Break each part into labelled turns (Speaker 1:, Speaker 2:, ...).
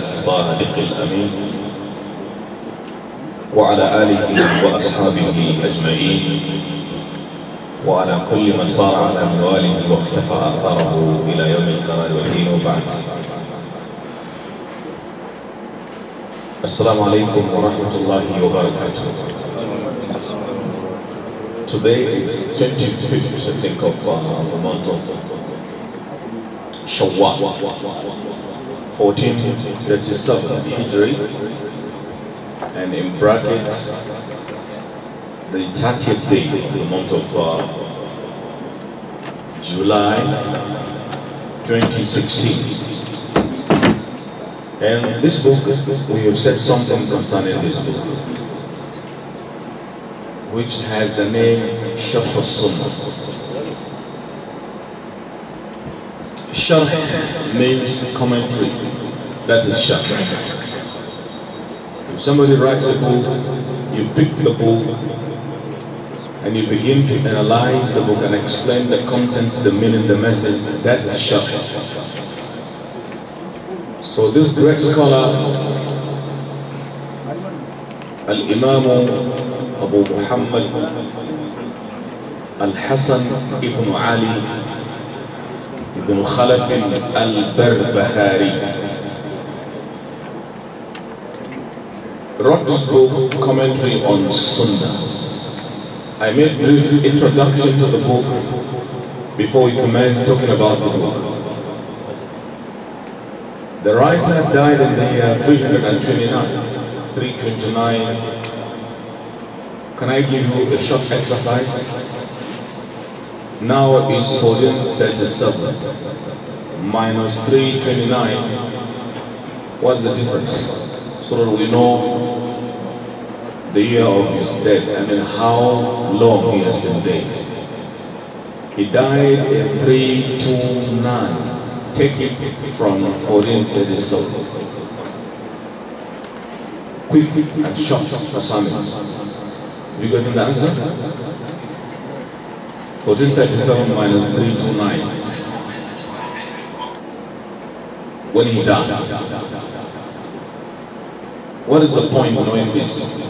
Speaker 1: الصادق الأمين وعلى آله وأصحابه أجمعين وعلى كل من صار على
Speaker 2: مواله واقتفى آثاره إلى يوم القرار والدين وبعد
Speaker 1: السلام عليكم ورحمة الله وبركاته Today is 25th, I think, of uh, the month of Shawwal. 1437 Hijri and in brackets the 30th day the month of uh, July 2016 and this book we have said something concerning this book which has the name Sharh al means commentary that is shaka. If somebody writes a book, you pick the book and you begin to analyze the book and explain the contents, the meaning, the message. That is shaka. So this great scholar, Al-Imam Abu Muhammad al Hasan ibn Ali ibn Khalaf al-Barbahari wrote this book, Commentary on Sunnah. I made brief introduction to the book before we commence talking about the book. The writer died in the year 329. 329. Can I give you a short exercise? Now is 1437 minus 329. What's the difference? So that we know the year of his death and then how long he has been dead. He died in 329. Take it from 1437. Quick and short assignment. Have you got the answer? 1437 minus 329. When he died. What is the point knowing this?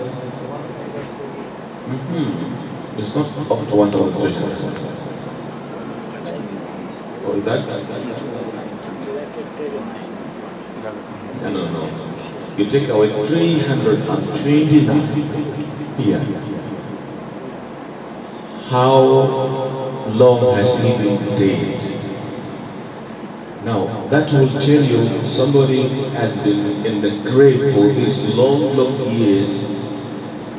Speaker 1: Mm-hmm. It's not up to 1,300. For that? No, no, no. You take away 329 here. How long has he been dead? Now, that will tell you somebody has been in the grave for these long, long years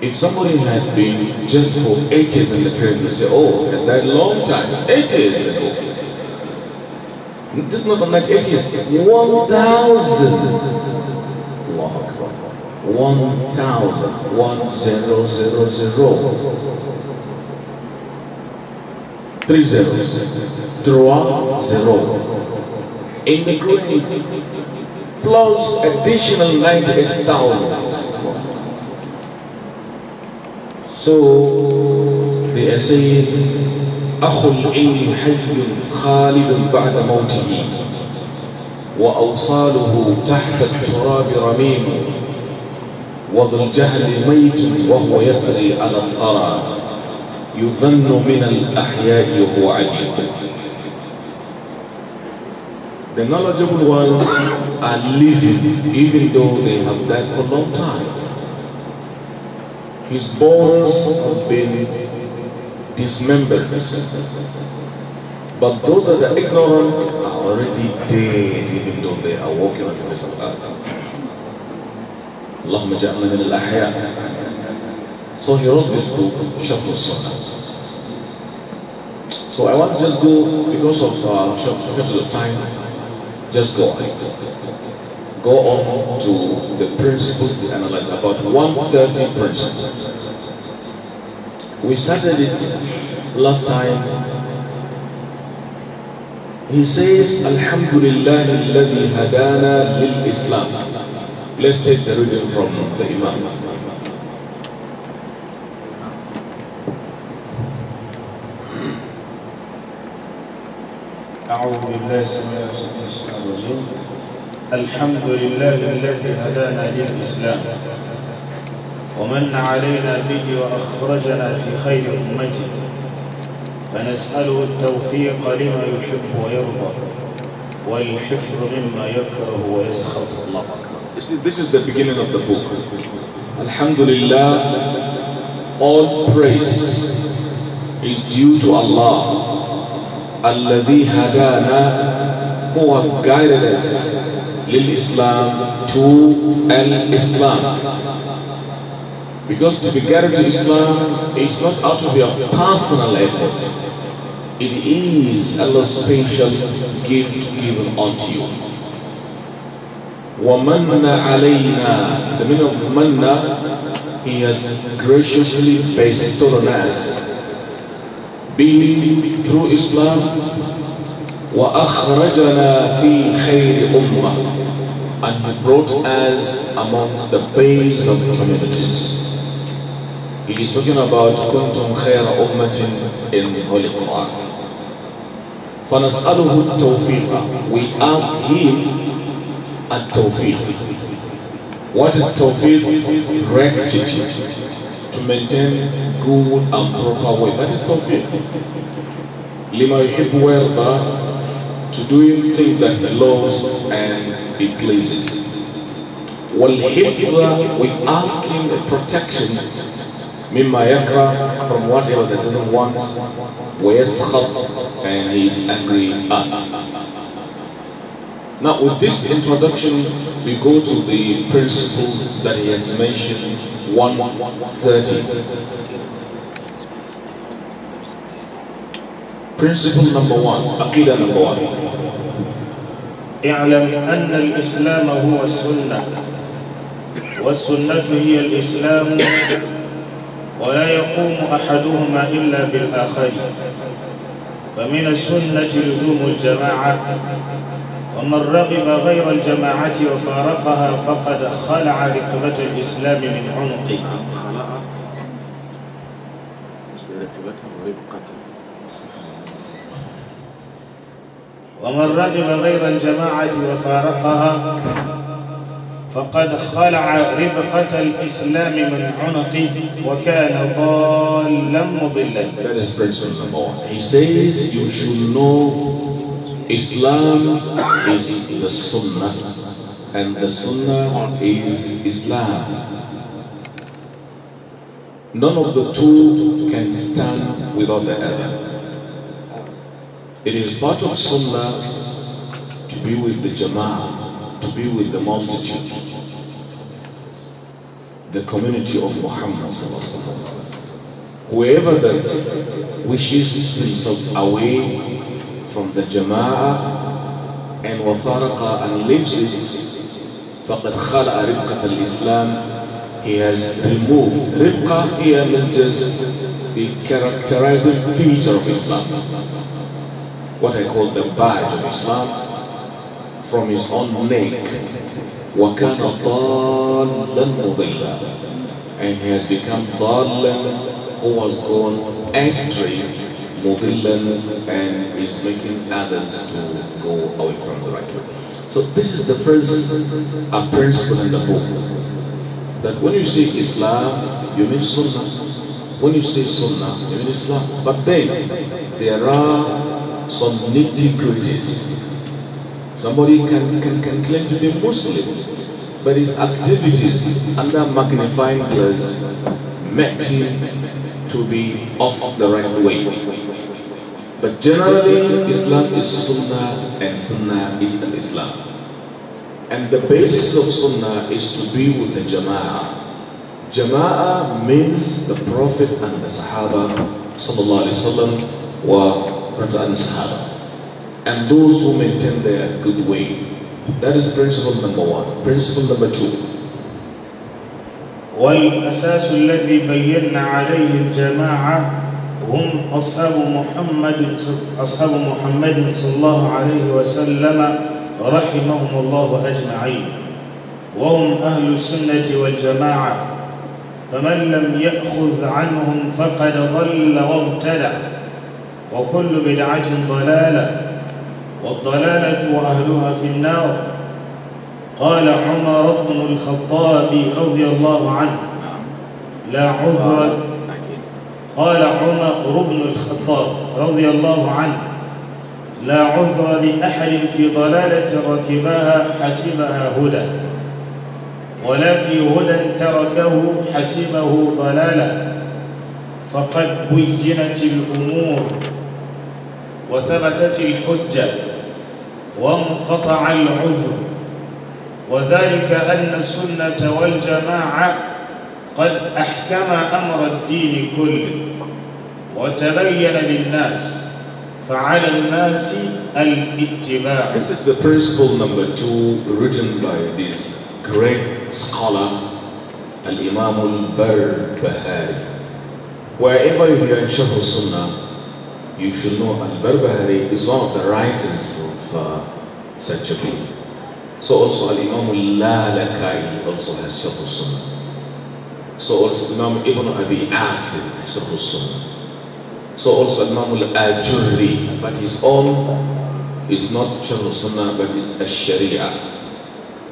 Speaker 1: If somebody has been just for ages in the period, you say, oh, has that long time, ages ago. This is not unlike atheist, 1,000. 1,000, 1,000, three zeros, draw zero, in the grave, plus additional 98,000. ثوب they are saying, العلم حي خالد بعد موته وأوصاله تحت التراب رميم وذو الجهل ميت وهو يسري على الثرى يظن من الأحياء وهو عجيب The knowledgeable ones are living even though they have died for a long time. his bones have been dismembered. But those that are ignorant are already dead, even though they are walking on the face of earth. اللهم اجعلنا من الأحياء. So he wrote this book, Shafu Sunnah. So I want to just go, because of uh, short of time, just go go on to the principles to analyze, about 130 principles. We started it last time. He says, Alhamdulillah, hadana bil Islam."
Speaker 2: let Let's take the reading from the Imam. أعوذ بالله السميع العليم الحمد لله الذي هدانا للإسلام ومن علينا به وأخرجنا في خير أمته فنسأله التوفيق لما يحب ويرضى والحفظ مما يكره ويسخط الله
Speaker 1: This is, this is the beginning of the book. Alhamdulillah, all praise is due to Allah. Alladhi hadana, who has guided us Islam to al-Islam. Because to be guided to Islam is not out of your personal effort. It is Allah's special gift given unto you. وَمَنَّ عَلَيْنَا The meaning of manna, He has graciously bestowed on us. Being through Islam, وَأَخْرَجَنَا فِي خَيْرِ أُمَّةٍ And He brought us amongst the best of communities. He is talking about كنتم خير أمة in Holy Quran. فنسأله التوفيق. We ask Him التوفيق. What is tawfiq? Rectitude. To maintain good and proper way. That is tawfiq. لما يحب ويرضى to doing things that He loves and He pleases. والحفظ we ask Him the protection مما from whatever that doesn't want ويسخط and He is angry at. Now with this introduction we go to the principles that He has mentioned 130
Speaker 2: principle number one aqidah number one اعلم أن الإسلام هو السنة والسنة هي الإسلام ولا يقوم أحدهما إلا بالآخر فمن السنة لزوم الجماعة ومن رغب غير الجماعة وفارقها فقد خلع رقبة الإسلام من عنقه ومن رغب غير الجماعة وفارقها فقد خلع ربقة الإسلام من عنقه وكان ضالا مضلا. Let us pray some more. He says
Speaker 1: you should know Islam is the Sunnah and the Sunnah is Islam. None of the two can stand without the other. It is part of Sunnah to be with the Jama'ah, to be with the multitude, the community of Muhammad. Whoever that wishes himself away from the Jama'ah and wafaraqa and leaves it, فَقَدْ خَلَأَ رِبْقَةَ الْإِسْلَامِ He has removed. Ribqa here means the characterizing feature of Islam what I call the badge of Islam from his own neck. وَكَانَ ضَالًا مُضِلًّا And he has become ضَالًا who was gone astray, مُضِلًا and is making others to go away from the right way. So this is the first principle in the book. That when you say Islam, you mean Sunnah. When you say Sunnah, you mean Islam. But then, there are some nitty gritties. Somebody can, can, can claim to be Muslim, but his activities under magnifying glass make him to be off the right way. But generally, Islam is Sunnah and Sunnah is an Islam. And the basis of Sunnah is to be with the Jama'ah. Jama'ah means the Prophet and the Sahaba sallallahu alayhi wa sallam Ali Sahaba. And those who maintain their good way. That is principle number one. Principle number
Speaker 2: two. والأساس الذي بينا عليه الجماعة هم أصحاب محمد أصحاب محمد صلى الله عليه وسلم رحمهم الله أجمعين وهم أهل السنة والجماعة فمن لم يأخذ عنهم فقد ضل وابتدع وكل بدعة ضلالة والضلالة أهلها في النار قال عمر بن الخطاب رضي الله عنه لا عذر قال عمر بن الخطاب رضي الله عنه لا عذر لأحد في ضلالة ركبها حسبها هدى ولا في هدى تركه حسبه ضلالة فقد بينت الأمور وثبتت الحجة وانقطع العذر وذلك أن السنة والجماعة قد أحكم أمر الدين كله وتبين للناس فعلى الناس الاتباع This is the principle number two written by this
Speaker 1: great scholar الإمام البربهاري Wherever you hear Shahu Sunnah You should know Al-Barbahari is one of the writers of uh, such a book. So also Al-Imam Al-Lalakai also has Shaykh sunnah So also Imam Ibn Abi Asim Shaykh al-Sunnah. So also Imam Al-Ajurri, but his own is not Shaykh sunnah but is Al-Sharia.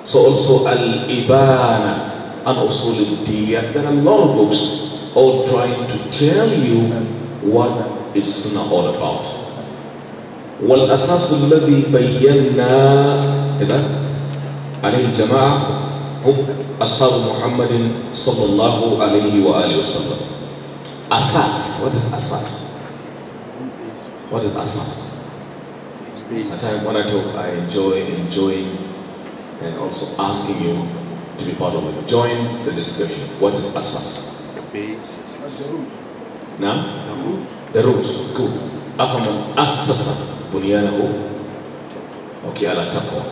Speaker 1: So also Al-Ibana and also al There are a lot of books all trying to tell you what is Sunnah all about? والأساس الذي بينا إذا عليه الجماعة هم أصحاب محمد صلى الله عليه وآله وسلم أساس what is أساس what is أساس At time when I talk I enjoy enjoying and also asking you to be part of it join the discussion what is أساس base now the root, good. أَفَمَنْ أَسَّسَ بُنْيَانَهُ Okay, ala taqwa.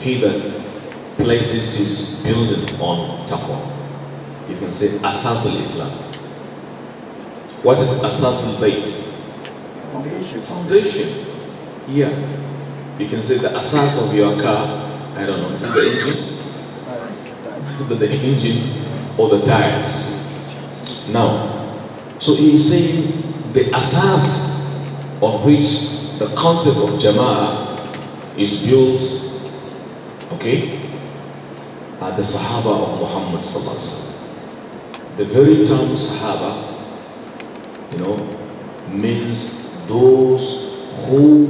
Speaker 1: He that places his building on taqwa. You can say Asasul Islam. What is Asasul Bait? Foundation. Foundation. Yeah. You can say the Asas of your car. I don't know. Is it the engine? the, the engine or the tires. Now, so he is saying the asas on which the concept of Jama'ah is built, okay, are the Sahaba of Muhammad The very term Sahaba, you know, means those who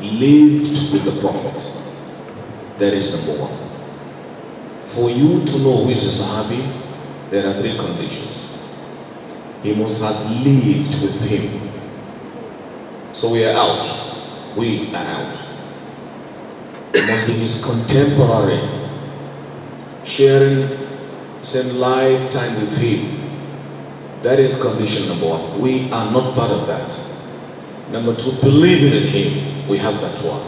Speaker 1: lived with the Prophet. That is number one. For you to know who is a Sahabi, there are three conditions he must has lived with him. So we are out. We are out. It must be his contemporary, sharing same lifetime with him. That is condition number one. We are not part of that. Number two, believing in him. We have that one.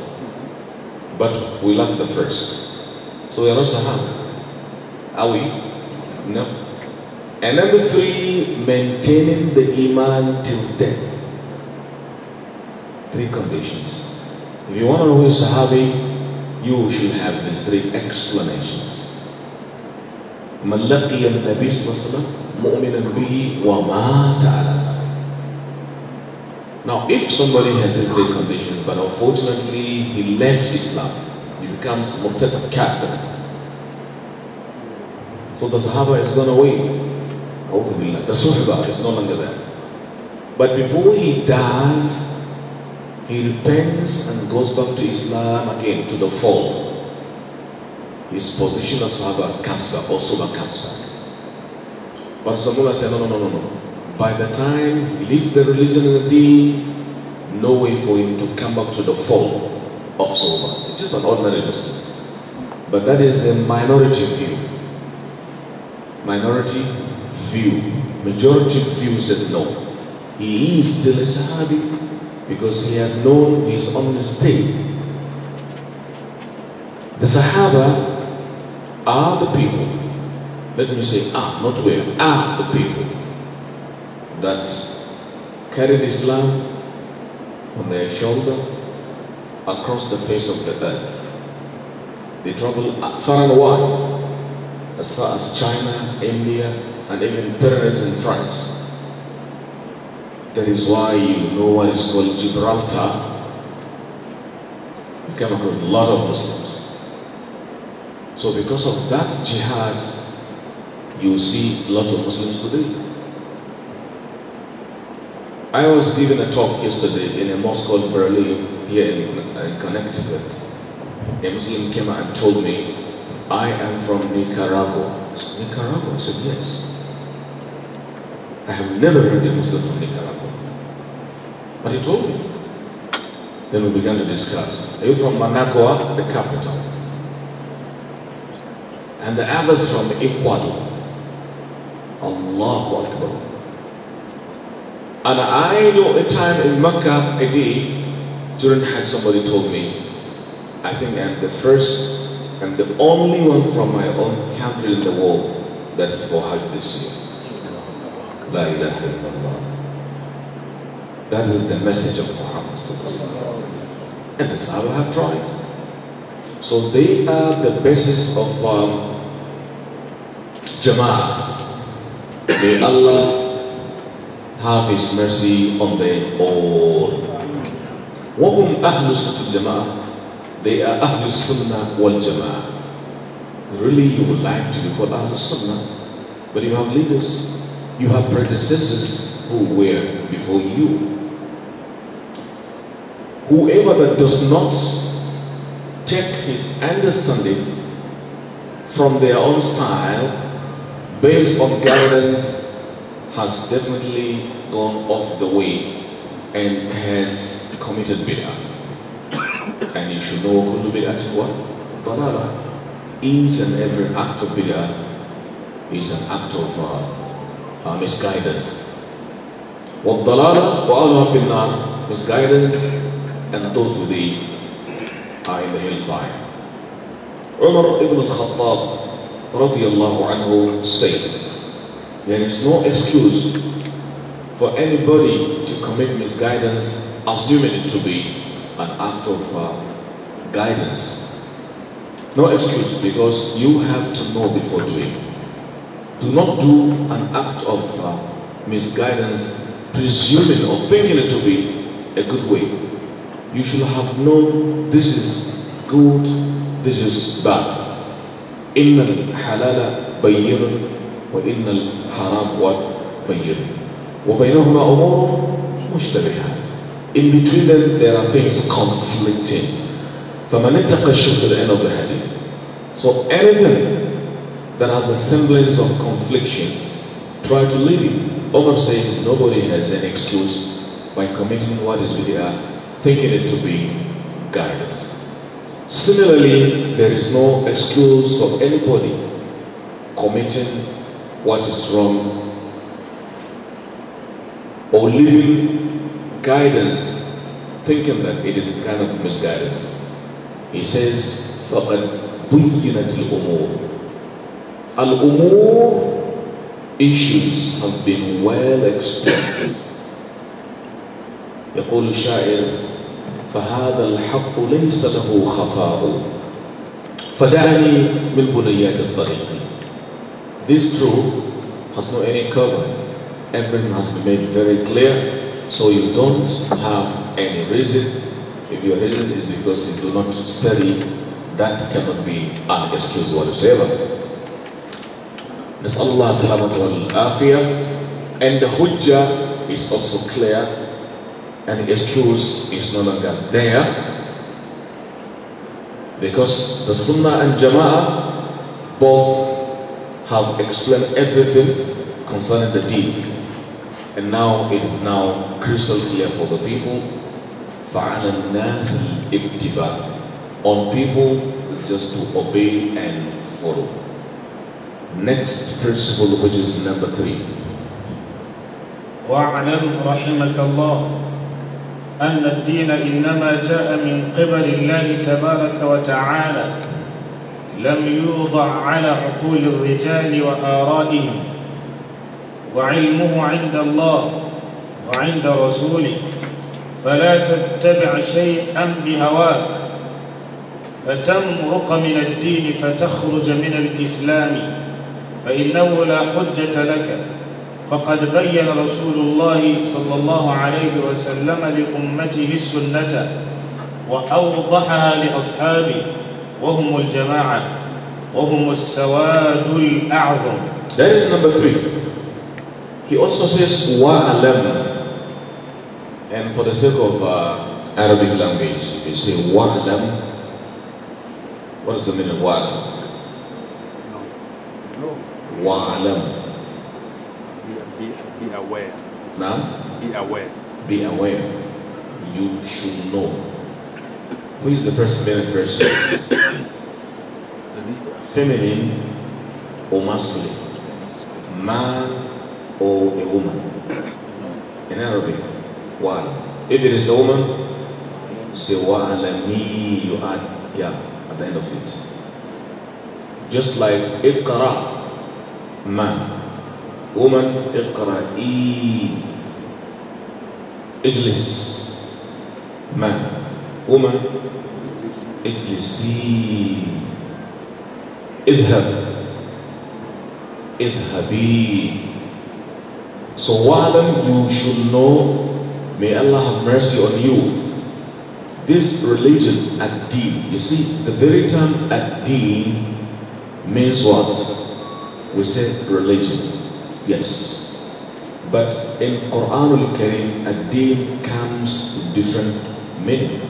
Speaker 1: But we lack the first. So we are not Sahaba. Are we? No. And number three, maintaining the Iman till death. Three conditions. If you want to know who is Sahabi, you should have these three explanations. Now, if somebody has these three conditions, but unfortunately he left Islam, he becomes murtad kafir. So the Sahaba is gone away. The suhbah is no longer there. But before he dies, he repents and goes back to Islam again, to the fold. His position of Sahaba comes back, or Suba comes back. But Rasulullah said, no, no, no, no, no. By the time he leaves the religion and the deen, no way for him to come back to the fold of Suba. It's just an ordinary Muslim. But that is a minority view. Minority view, majority views said no, he is still a Sahabi because he has known his own mistake. The Sahaba are the people, let me say are, not where, are the people that carried Islam on their shoulder across the face of the earth. They travel far and wide, as far as China, India, and even pyramids in France. That is why you know what is called Gibraltar. You come across a lot of Muslims. So because of that jihad, you see a lot of Muslims today. I was giving a talk yesterday in a mosque called Berlin here in, in Connecticut. A Muslim came and told me, I am from Nicaragua. Nicaragua? I said, yes. I have never heard a Muslim from Nicaragua. But he told me. Then we began to discuss. Are you from Managua, the capital? And the others from Ecuador. Allahu Akbar. And I know a time in Mecca, a day, during Hajj, somebody told me, I think I'm the first I'm the only one from my own country in the world that is for Hajj this year. La ilaha illallah. That is the message of Muhammad. And the Sahaba have tried. So they are the basis of um, Jama'ah. May Allah have His mercy on them all. وهم أهل Sunnah الجماعة they are sunnah wal والجماعة really you would like to be called ahlus sunnah, but you have leaders you have predecessors who were before you. Whoever that does not take his understanding from their own style based on guidance has definitely gone off the way and has committed bid'ah. and you should know what? what? Each and every act of bid'ah is an act of uh, uh, misguidance. وَالضَّلَالَ وَأَلْهَا فِي النَّارِ Misguidance and those with it are in the hellfire. Umar ibn al-Khattab radiallahu anhu said, There is no excuse for anybody to commit misguidance assuming it to be an act of uh, guidance. No excuse because you have to know before doing do not do an act of uh, misguidance, presuming or thinking it to be a good way. You should have known this is good, this is bad. إن الحلال بين وإن الحرام بين وبينهما أمور مشتبهات in between them there are things conflicting. فَمَنْ اتَّقَى to the end of the hadith. So anything that has the semblance of confliction, try to leave it. Omar says nobody has an excuse by committing what is bid'ah, thinking it to be guidance. Similarly, there is no excuse for anybody committing what is wrong or living guidance thinking that it is kind of misguidance. He says, فَقَدْ بُيِّنَتِ الْأُمُورِ Al-Umur issues have been well expressed. يقول الشاعر فهذا الحق ليس له خفاء فدعني من بنيات الطريق This truth has no any cover. Everything has been made very clear. So you don't have any reason. If your reason is because you do not study, that cannot be an excuse whatsoever. نسأل الله السلامة والعافية and the hujjah is also clear and the excuse is no longer there because the sunnah and jama'ah both have explained everything concerning the deed and now it is now crystal clear for the people فَعَلَى النَّاسِ الْإِبْتِبَاءِ on people is just to obey and follow Next principle, which is number three.
Speaker 2: واعلم رحمك الله أن الدين إنما جاء من قبل الله تبارك وتعالى لم يوضع على عقول الرجال وآرائهم وعلمه عند الله وعند رسوله فلا تتبع شيئا بهواك فتمرق من الدين فتخرج من الإسلام فإنه لا حجة لك فقد بين رسول الله صلى الله عليه وسلم لأمته السنة وأوضحها لأصحابه وهم الجماعة وهم السواد الأعظم That is number three.
Speaker 1: He also says wa'alam and for the sake of uh, Arabic language you say wa'alam what is the meaning of wa'alam? No. no. wa'alam. Be, be, be aware. Now? Be aware. Be aware. You should know. Who is the first male person? Feminine or masculine? Man or a woman? In Arabic, why? If it is a woman, say wa'alami, you add, yeah, at the end of it. Just like iqra, man. Woman, اقرأي. اجلس. Man. Woman, اجلسي. اذهب. اذهبي. So wa'alam you should know, may Allah have mercy on you. This religion, ad-deen, you see, the very term ad-deen means what? we say religion. Yes. But in Quran al-Karim, a deen comes with different meaning.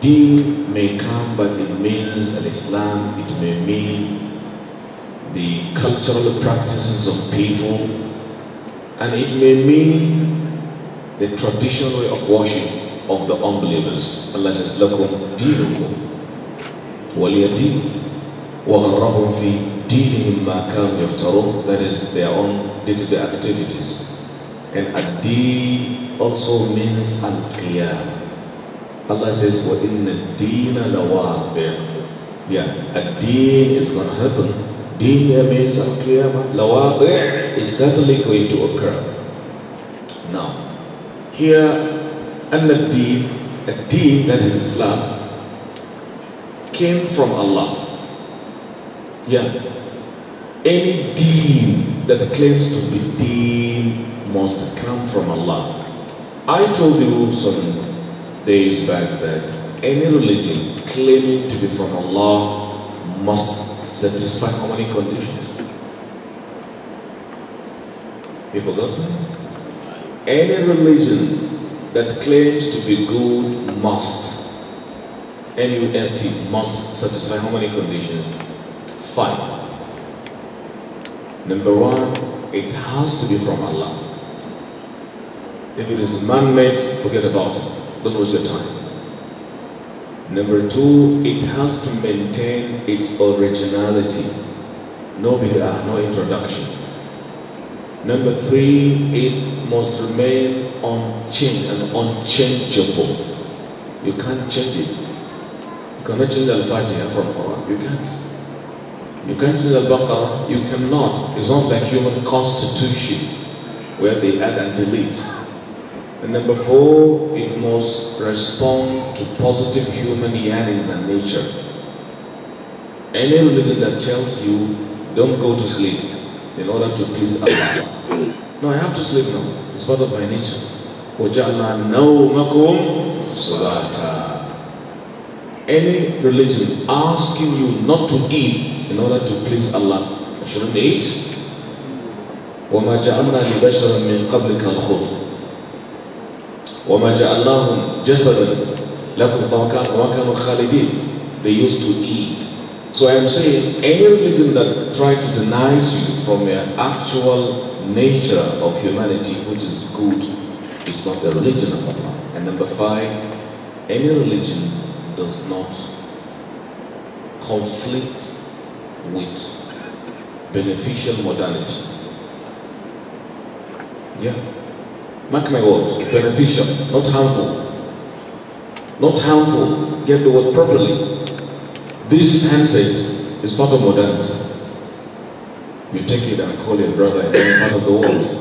Speaker 1: Deen may come, but it means al-Islam, it may mean the cultural practices of people, and it may mean the traditional way of worship of the unbelievers. Allah says, لَكُمْ دِينُكُمْ dinihim ma kanu yaftarun, that is their own day-to-day activities. And ad-din also means al-qiyam. Allah says, وَإِنَّ the لَوَاقِعٌ Yeah, ad-din is going to happen. Din means al-qiyamah. Lawaqi' is certainly going to occur. Now, here, أن a deen that is Islam, came from Allah. Yeah. Any deen that claims to be deen must come from Allah. I told you some days back that any religion claiming to be from Allah must satisfy how many conditions? You forgot? Any religion that claims to be good must M-U-S-T must satisfy how many conditions? Five. Number one, it has to be from Allah. If it is man-made, forget about it. Don't waste your time. Number two, it has to maintain its originality. No bid'ah, no introduction. Number three, it must remain unchanged and unchangeable. You can't change it. You cannot change Al-Fatiha from Quran. You can't. You can not do the Baqarah, you cannot. It's not like human constitution where they add and delete. And number four, it must respond to positive human yearnings and nature. Any religion that tells you don't go to sleep in order to please Allah. No, I have to sleep now. It's part of my nature. وَجَعْلَا نَوْمَكُمْ صُلَاتًا Any religion asking you not to eat in order to please Allah. Shouldn't eat. وَمَا جَعَلْنَا لِبَشَرًا مِنْ قَبْلِكَ وَمَا جَعَلْنَاهُمْ لَكُمْ They used to eat. So I am saying, any religion that tries to deny you from your actual nature of humanity, which is good, is not the religion of Allah. And number five, any religion does not conflict with beneficial modality. Yeah. Mark my words, beneficial, not harmful. Not harmful, get the word properly. This handset is part of modernity. You take it and call your brother and any part of the world.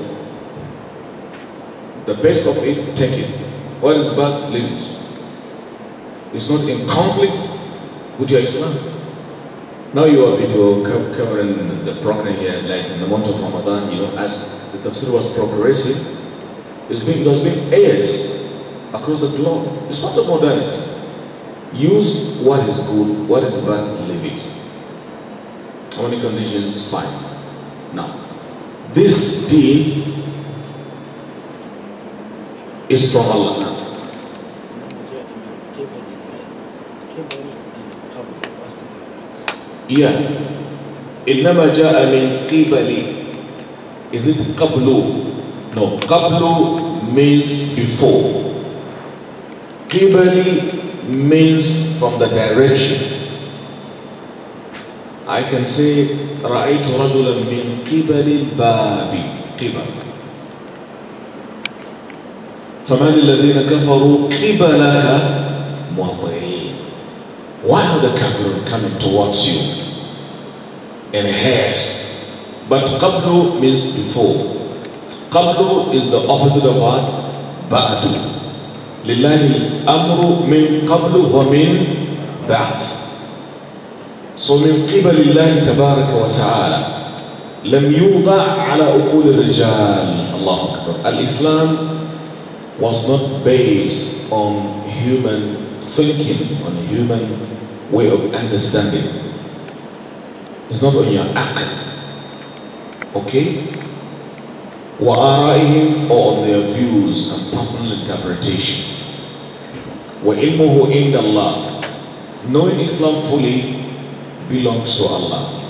Speaker 1: The best of it, take it. What is bad, leave it. It's not in conflict with your Islam. Now you are video covering the program here, like in the month of Ramadan, you know, as the tafsir was progressing, has been, it was being aired across the globe. It's not a modernity. Use what is good, what is bad, leave it. Only conditions, fine. Now, this deal is from Allah إياه إنما جاء من قبل isn't it قبله no قبله means before قبلي means from the direction I can say رأيت رجلا من قبل الباب قبل فمن الذين كفروا قبلك مهطعين Why are the Kafirin coming towards you? enhanced. But qablu means before. Qablu is the opposite of what? Ba'du. لله الأمر من قبل ومن بعد. So من قبل الله تبارك وتعالى لم يوضع على عقول الرجال الله أكبر. الإسلام was not based on human thinking, on human way of understanding. It's not on your act. Okay? وآرائهم or on their views and personal interpretation. in the اللَّهِ Knowing Islam fully belongs to Allah.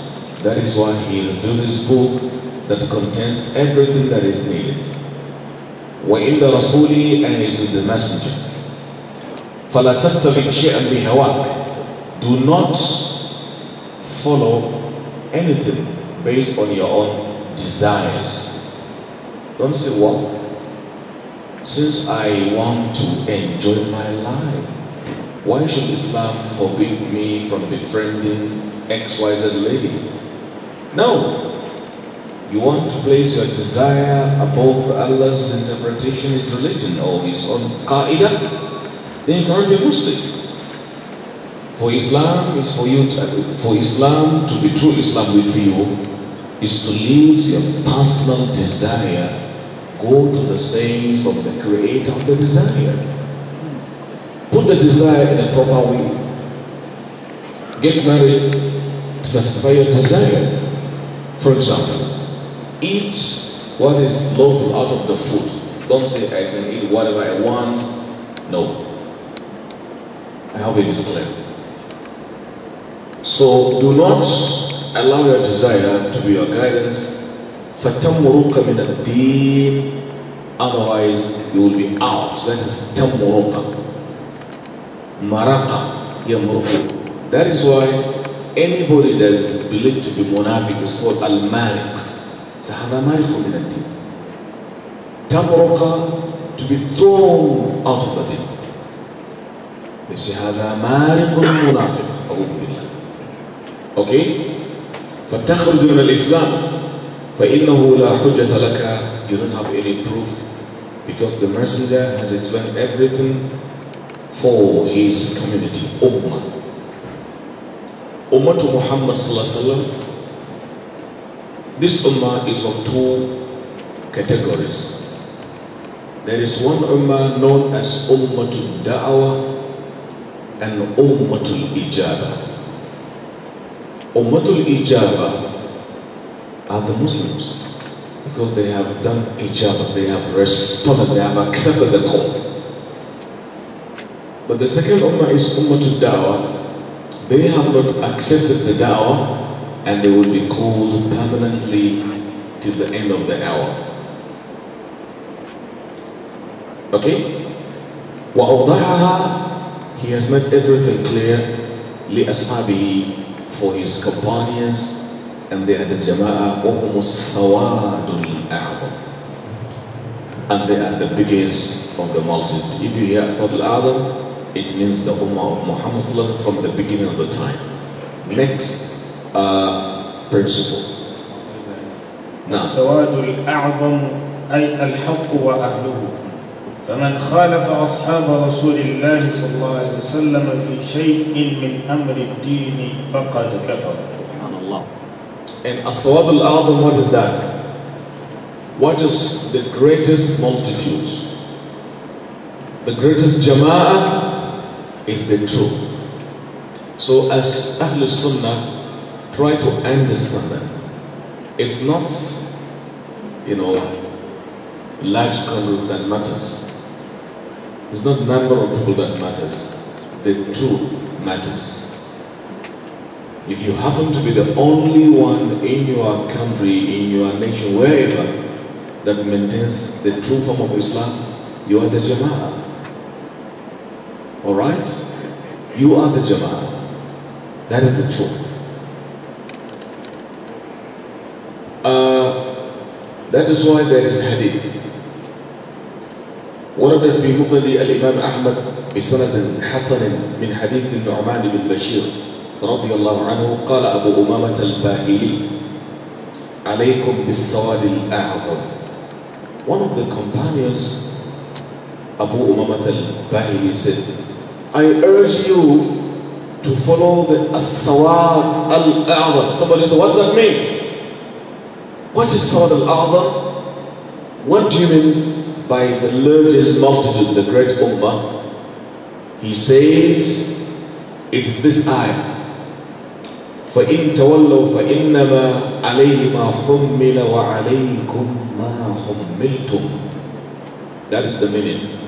Speaker 1: That is why He revealed His book that contains everything that is needed. وَإِنْدَ رَسُولِهِ and is with the messenger. فَلَا تَتَّبِكْ شَيْئًا بِهَوَاكَ Do not follow anything based on your own desires. Don't say, well, since I want to enjoy my life, why should Islam forbid me from befriending XYZ lady? No. You want to place your desire above Allah's interpretation, His religion, or His own qaida? Then you can be a Muslim. For Islam is for you, to, for Islam to be true Islam with you, is to leave your personal desire, go to the sayings of the creator of the desire. Put the desire in a proper way. Get married to satisfy your desire. For example, eat what is lawful out of the food. Don't say I can eat whatever I want. No. I hope it is clear. So do not allow your desire to be your guidance. فَتَمُّرُكَ مِنَ الدِّينِ Otherwise, you will be out. That is تَمُّرُكَ Maraka يَمُرُكُ That is why anybody that is believed to be monafik is called al-malik. فَهَذَا مَالِكُ مِنَ الدِّينِ تَمُّرُكَ To be thrown out of the deen. هَذَا مَالِكُ Okay? فَتَخْرُجُ مِنَ الْإِسْلَامِ فَإِنَّهُ لَا حُجَّةَ لَكَ You don't have any proof because the messenger has explained everything for his community, Ummah. Ummah to Muhammad this Ummah is of two categories. There is one Ummah known as Ummatul Da'wah and Ummatul Ijabah. Ummatul Ijaba are the Muslims because they have done Ijaba, they have responded, they have accepted the call. But the second Ummah is Ummatul Dawah. They have not accepted the Dawah and they will be called permanently till the end of the hour. Okay? وأوضحها He has made everything clear لأصحابه for his companions and they are the Jama'ah وَهُمُ السَّوَادُ And they are the biggest of the multitude. If you hear Asad al-Adam, it means the Ummah of Muhammad from the beginning of the time. Next uh, principle.
Speaker 2: Now. فمن خالف أصحاب رسول الله صلى الله عليه وسلم في شيء من أمر الدين فقد كفر سبحان الله And Aswad
Speaker 1: al-Azam, what is that? What is the greatest multitude? The greatest jama'ah is the truth. So as Ahlul Sunnah, try to understand that. It's not, you know, large color that matters. It's not the number of people that matters. The truth matters. If you happen to be the only one in your country, in your nation, wherever, that maintains the true form of Islam, you are the Jama'ah. Alright? You are the Jama'ah. That is the truth. Uh, that is why there is hadith. ورد في مسند الإمام أحمد بسند حسن من حديث النعمان بن بشير رضي الله عنه قال أبو أمامة الباهلي عليكم بالسواد الأعظم One of the companions Abu Umamat al-Bahili said I urge you to follow the As-Sawad al-A'zam. Somebody said, what does that mean? What is Sawad al-A'zam? What do you mean by the largest multitude, the great Ummah, he says, it is this ayah. فَإِن تَوَلَّوْا فَإِنَّمَا عَلَيْهِ مَا حُمِّلَ وَعَلَيْكُمْ مَا حُمِّلْتُمْ That is the meaning.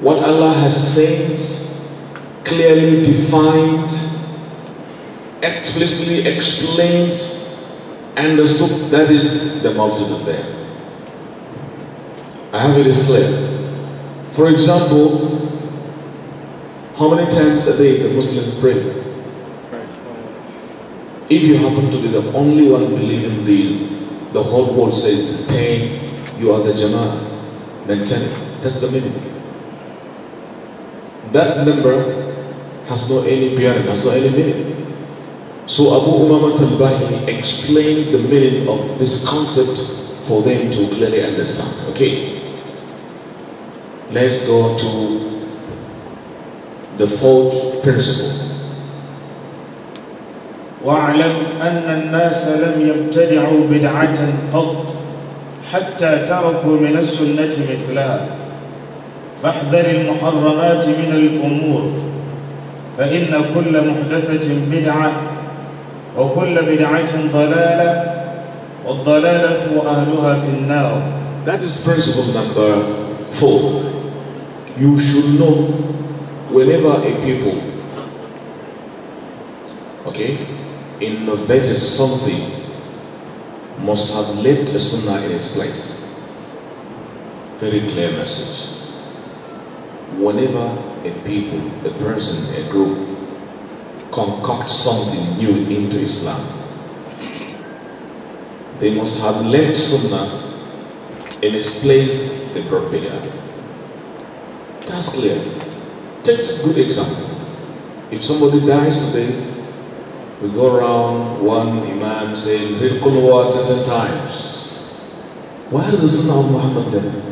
Speaker 1: What Allah has said, clearly defined, explicitly explained, understood, that is the multitude there. I have it clear. For example, how many times a day the Muslims pray? If you happen to be the only one believing these, the whole world says, stay, you are the Jama'ah, maintain it. That's the meaning. That number has no any bearing, has no any meaning. So Abu Umama al-Bahini explained the meaning of this concept for them to clearly understand. Okay?
Speaker 2: Let's go to the fourth principle. واعلم أن الناس لم يبتدعوا بدعة قط حتى تركوا من السنة مثلها فاحذر المحرمات من الأمور فإن كل محدثة بدعة وكل بدعة ضلالة والضلالة أهلها في النار That is principle number
Speaker 1: four. you should know whenever a people okay innovated something must have left a sunnah in its place very clear message whenever a people a person a group concoct something new into islam they must have left sunnah in its place the brought that's clear. Take this good example. If somebody dies today, we go around one imam saying, read 10 times. Why the Sunnah of Muhammad then?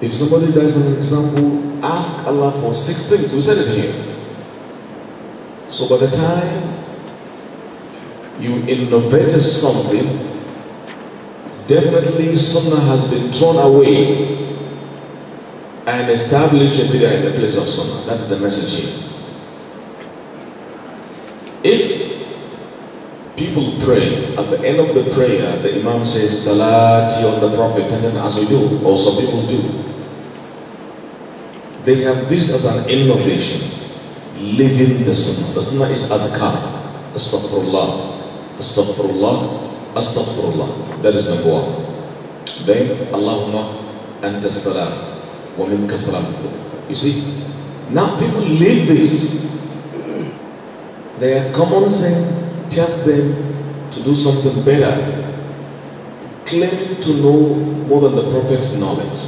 Speaker 1: If somebody dies, an example, ask Allah for six things. We said it here. So by the time you innovated something, definitely Sunnah has been thrown away and establish a bid'ah in the place of sunnah. That's the message here. If people pray, at the end of the prayer, the Imam says, Salati on the Prophet, and then as we do, or some people do, they have this as an innovation. Living the sunnah. The sunnah is adhkar. Astaghfirullah. Astaghfirullah. Astaghfirullah. That is number one. Then, Allahumma anta salam. You see, now people leave this. Their common sense tells them to do something better, claiming to know more than the prophet's knowledge.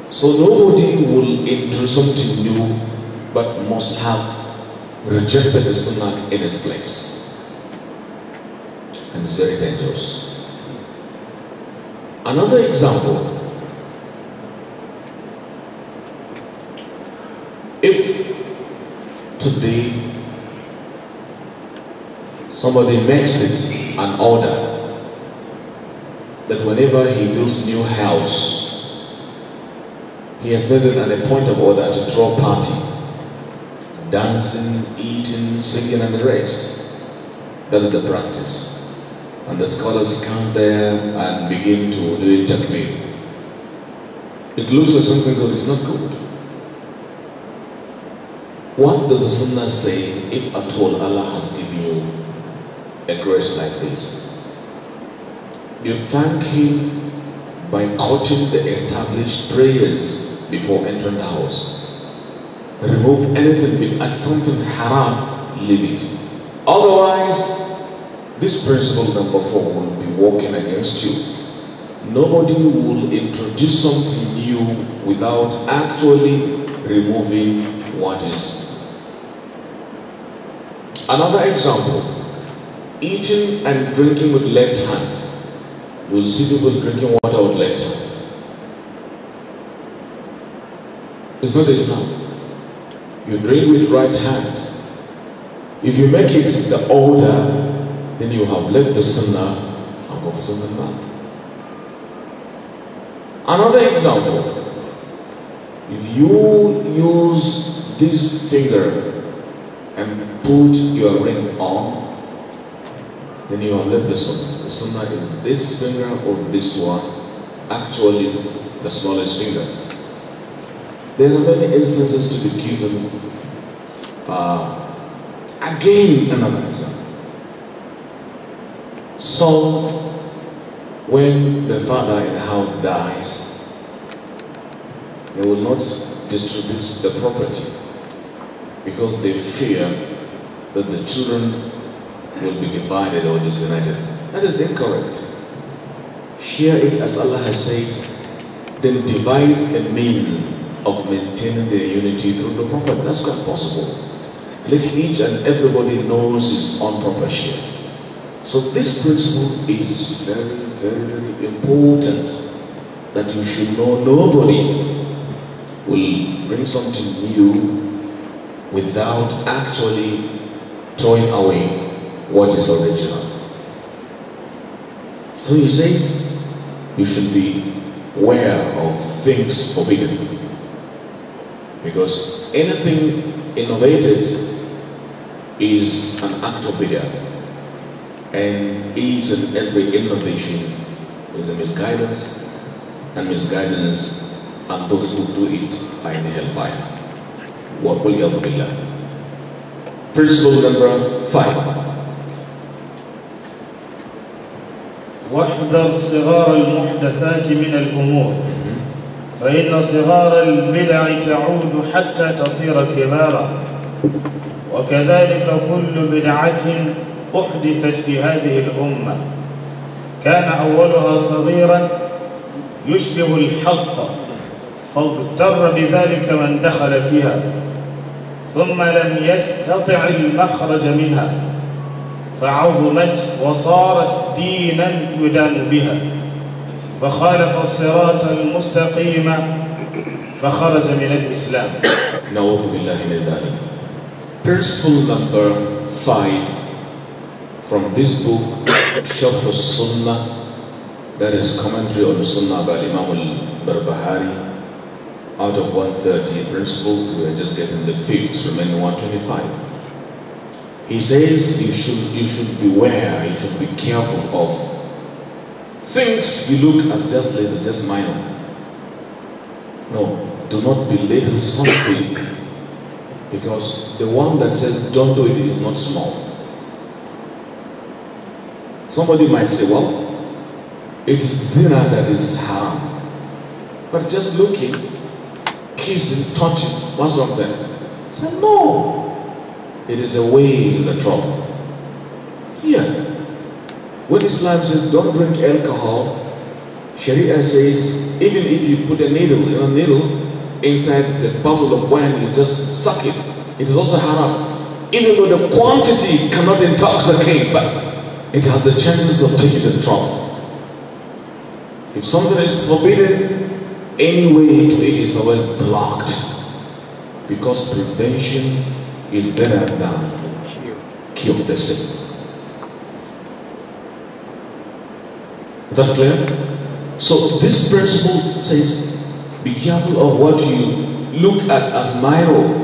Speaker 1: So nobody will introduce something new, but must have rejected the sunnah in its place. And it's very dangerous. Another example If today somebody makes it an order that whenever he builds new house, he has made it at a point of order to draw party, dancing, eating, singing, and the rest. That is the practice. And the scholars come there and begin to do it technique. It loses something that is not good. What does the Sunnah say if at all Allah has given you a grace like this? You thank Him by quoting the established prayers before entering the house. Remove anything, be add something haram, leave it. Otherwise, this principle number four will be working against you. Nobody will introduce something new without actually removing what is Another example, eating and drinking with left hand. You will see people drinking water with left hand. It's not Islam. You drink with right hand. If you make it the order, then you have left the sunnah and gone for Another example, if you use this finger and put your ring on, then you have left the sunnah. The sunnah is this finger or this one, actually the smallest finger. There are many instances to be given. Uh, again, another example. So, when the father in the house dies, they will not distribute the property because they fear that the children will be divided or disunited. That is incorrect. Share it as Allah has said, then devise a means of maintaining their unity through the Prophet. That's quite possible. Let each and everybody knows his own proper share. So this principle is very, very, very important that you should know nobody will bring something new without actually throwing away what is original. So he says, you should be aware of things forbidden. Because anything innovated is an act of And each and every innovation is a misguidance, and misguidance, and those who do it are in hellfire. والعياذ بالله.
Speaker 2: Principle number five. واحذر صغار المحدثات من الأمور فإن صغار البدع تعود حتى تصير كبارا وكذلك كل بدعة أحدثت في هذه الأمة كان أولها صغيرا يشبه الحق فاغتر بذلك من دخل فيها ثم لم يستطع المخرج منها فعظمت وصارت دينا يدان بها فخالف الصراط المستقيم فخرج من الإسلام
Speaker 1: نعوذ بالله من ذلك Principle number five from this book شرح السنة that is commentary on the Sunnah by Imam al-Barbahari Out of 130 principles, we are just getting the fifth, remaining 125. He says you should, you should beware, you should be careful of things you look at just little, just minor. No, do not be little something because the one that says don't do it is not small. Somebody might say, well, it is zina that is harm," But just looking, kissing, touching. What's wrong there? I said, No. It is a way to the trouble. Yeah. When Islam says don't drink alcohol, Sharia says even if you put a needle in a needle inside the bottle of wine, you just suck it. It is also haram. Even though the quantity cannot intoxicate, but it has the chances of taking the trouble. If something is forbidden, any way to it is always blocked because prevention is better than cure the sick. Is that clear? So this principle says, be careful of what you look at as minor.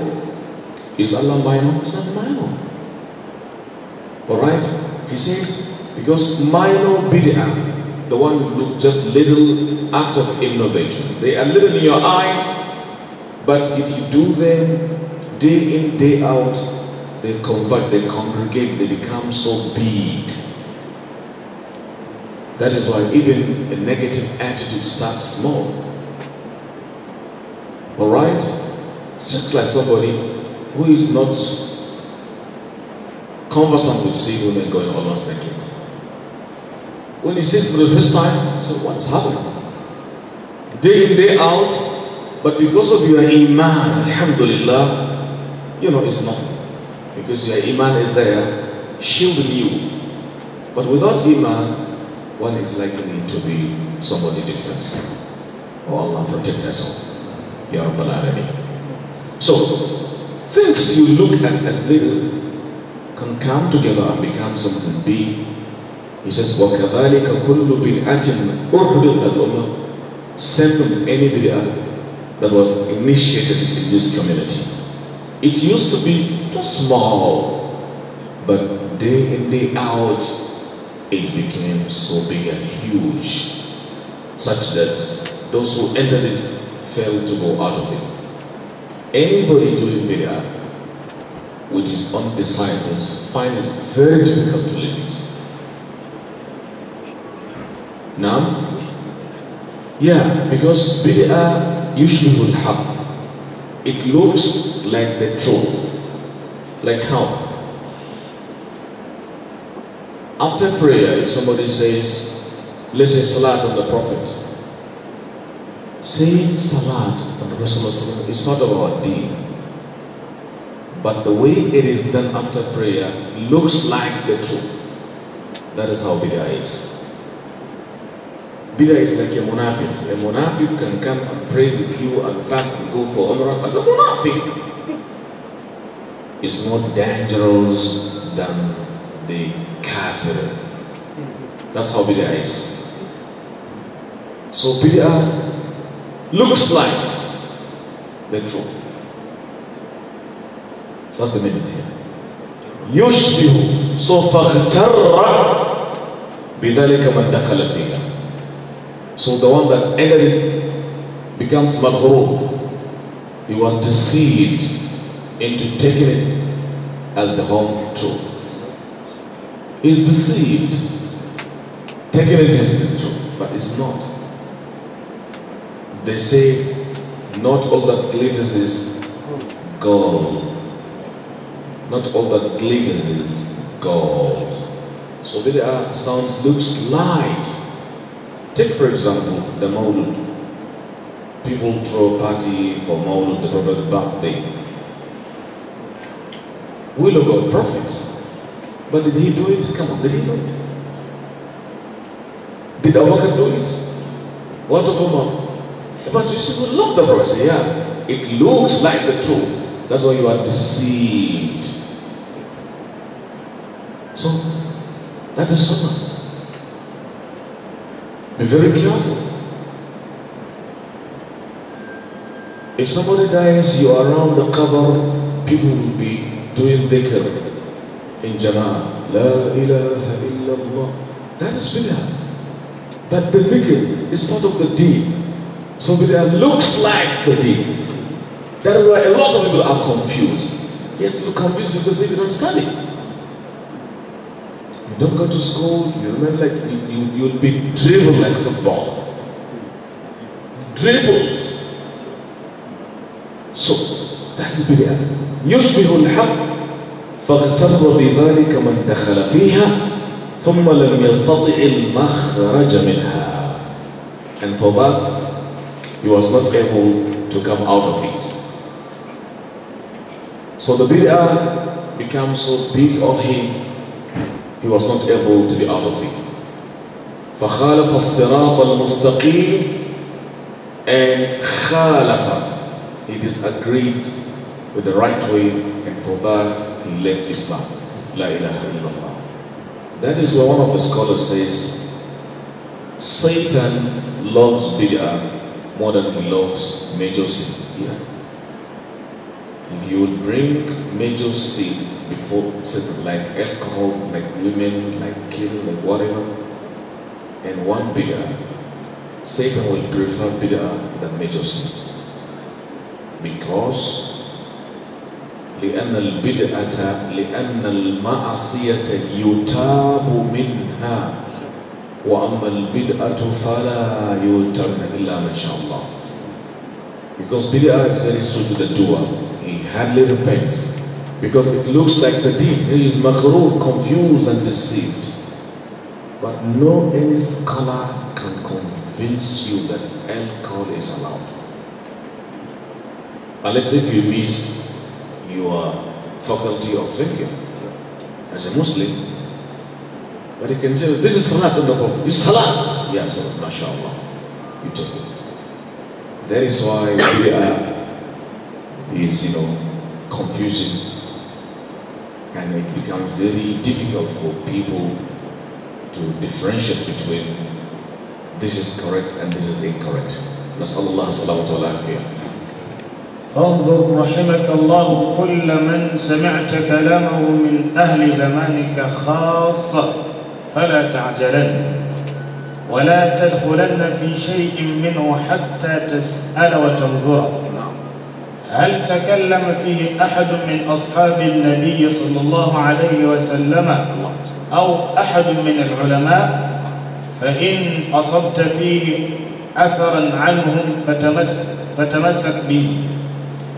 Speaker 1: Is Allah minor? Is not minor. Alright? He says, because minor bid'ah the one who do just little act of innovation. They are little in your eyes, but if you do them day in, day out, they convert, they congregate, they become so big. That is why even a negative attitude starts small. Alright? It's just like somebody who is not conversant with seeing women going almost naked. When he sees for the first time, so what's happening? Day in, day out, but because of your iman, alhamdulillah, you know it's nothing. Because your iman is there, shielding you. But without iman, one is likely to be somebody different. Oh Allah, protect us all. Ya Rabbal Alameen. So, things you look at as little can come together and become something big he says, وَكَذَلِكَ كُلُّ بِالْعَةٍ أُحْدُثَتْ أُمَّةٍ Same any bid'ah that was initiated in this community. It used to be too small, but day in, day out, it became so big and huge, such that those who entered it failed to go out of it. Anybody doing bid'ah with his own disciples find it very difficult to live Now? Yeah, because bid'ah يشبه الحق. It looks like the truth. Like how? After prayer, if somebody says, let's say salat on the Prophet, saying salat on the Prophet is part of our deen. But the way it is done after prayer looks like the truth. That is how bid'ah is. Bid'ah is like a munafiq. A munafiq can come and pray with you and fast and go for umrah as a munafiq. It's more dangerous than the kafir. That's how bid'ah is. So bid'ah looks like the truth. That's the meaning here. يشبه so فاغتر بذلك من دخل فيه so the one that entered it becomes maghroom. He was deceived into taking it as the whole truth. He's deceived, taking it as the truth, but it's not. They say not all that glitters is gold. Not all that glitters is gold. So there are sounds looks like Take for example the moment People throw a party for Mawlid, the Prophet's birthday. We look at prophets. But did he do it? Come on, did he do it? Did Abu Bakr do it? What of Umar? But you see, we love the Prophet. Say, yeah, it looks like the truth. That's why you are deceived. So, that is sunnah.
Speaker 2: Be very careful.
Speaker 1: If somebody dies, you are around the cover. people will be doing dhikr in jama'ah. La
Speaker 2: ilaha illallah.
Speaker 1: That is bid'ah. But the dhikr is part of the deed. So bid'ah looks like the deed. That is why a lot of people are confused. Yes, you confused because they don't study. You don't go to school, you remember like you, you, you'll be dribbled like football. Dribbled. So that's bid'ah. يشبه الحق فاغتر بذلك من دخل فيها ثم لم يستطع المخرج منها. And for that, he was not able to come out of it. So the bid'ah becomes so big on him he was not able to be out of it. فخالف الصراط المستقيم and خالف he disagreed with the right way and for that he left Islam. إله إلا الله. That is why one of the scholars says Satan loves bid'ah more than he loves major sin. Yeah. If you would bring major sin before certain like alcohol, like women, like kill, like whatever. And one bid'ah, Satan will prefer bid'ah than major sin. Because لأن البدعة لأن المعصية يتاب منها وأما البدعة فلا يتاب إلا ما شاء الله because bid'ah is very suited to the doer he hardly repents because it looks like the deep, he is maghroor, confused and deceived. But no any scholar can convince you that alcohol is allowed. Unless if you miss your faculty of thinking as a Muslim, but he can tell you, this is salat in the Quran. This is salat. Yes, mashallah. You take it. That is why we are, is, you know, confusing and it becomes very difficult for people to differentiate between this is correct and this is incorrect. نسأل الله
Speaker 2: السلامة والعافية. فانظر رحمك الله كل من سمعت كلامه من أهل زمانك خاصة فلا تعجلن ولا تدخلن في شيء منه حتى تسأل وتنظر. هل تكلم فيه أحد من أصحاب النبي صلى الله عليه وسلم أو أحد من العلماء فإن أصبت فيه أثرا عنهم فتمس فتمسك به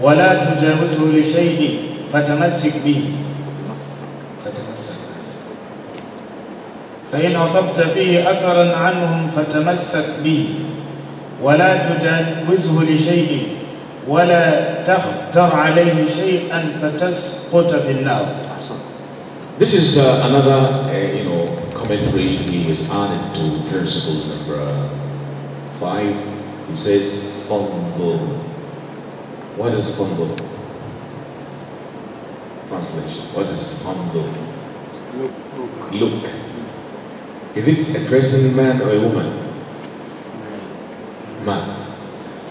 Speaker 2: ولا تجاوزه لشيء فتمسك به فتمسك فإن أصبت فيه أثرا عنهم فتمسك به ولا تجاوزه لشيء ولا تختر عليه شيئا فتسقط في النار.
Speaker 1: This is uh, another, uh, you know, commentary he has added to principle number uh, five. He says, "Fumble." What is fumble?
Speaker 2: Translation. What is fumble? Look. Look.
Speaker 1: Is it a person, man, or a woman? Man.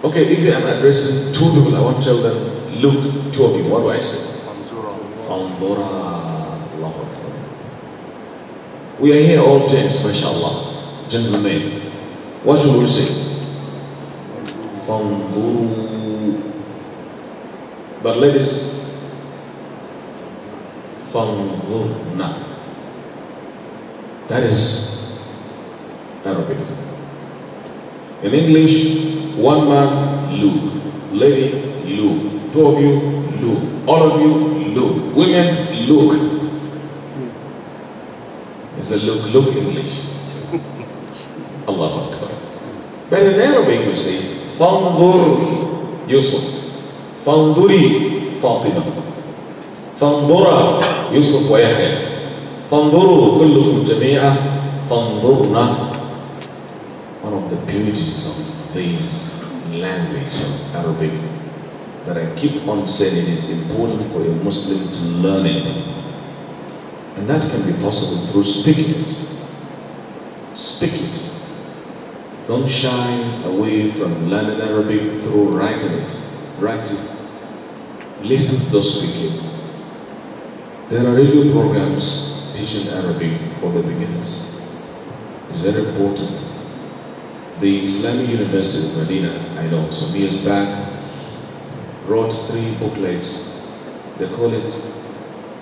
Speaker 1: Okay, if I am addressing two people, I want to tell them, look, two of you, what do I say? We are here all gents, mashallah, gentlemen. What should we say? But ladies, That is Arabic. In English, one man, look. Lady, look. Two of you, look. All of you, look. Women, look. It's a look, look English. Allah Akbar. But in Arabic you say, Fandur Yusuf. Fanduri Fatima. Fandura Yusuf wa Yahya. Fanduru kullukum jami'a. Fandurna. One of the beauties of things in language of Arabic but I keep on saying it is important for a Muslim to learn it. And that can be possible through speaking it. Speak it. Don't shy away from learning Arabic through writing it. Write it. Listen to those speaking. There are radio programs teaching Arabic for the beginners. It's very important the Islamic University of Medina, I know, some years back, wrote three booklets. They call it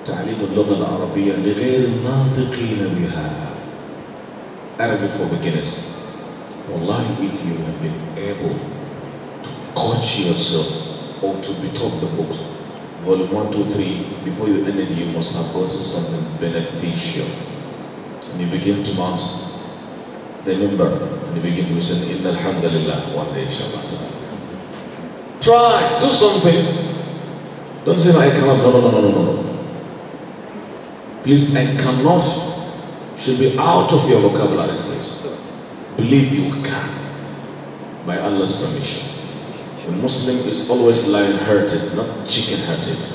Speaker 1: تعليم Al Arabiya. لغير الناطقين بها Arabic for beginners. Wallahi, if you have been able
Speaker 2: to coach yourself or to be taught the book, volume 1, 2, 3, before
Speaker 1: you ended, you must have gotten something beneficial. And you begin to mount the number and begin to listen Inna alhamdulillah, one day inshallah. Try, do something. Don't say, I cannot. No, no, no, no, no, no. Please, I cannot should be out of your vocabulary, please. Believe you can by Allah's permission. The Muslim is always lion hearted, not chicken hearted.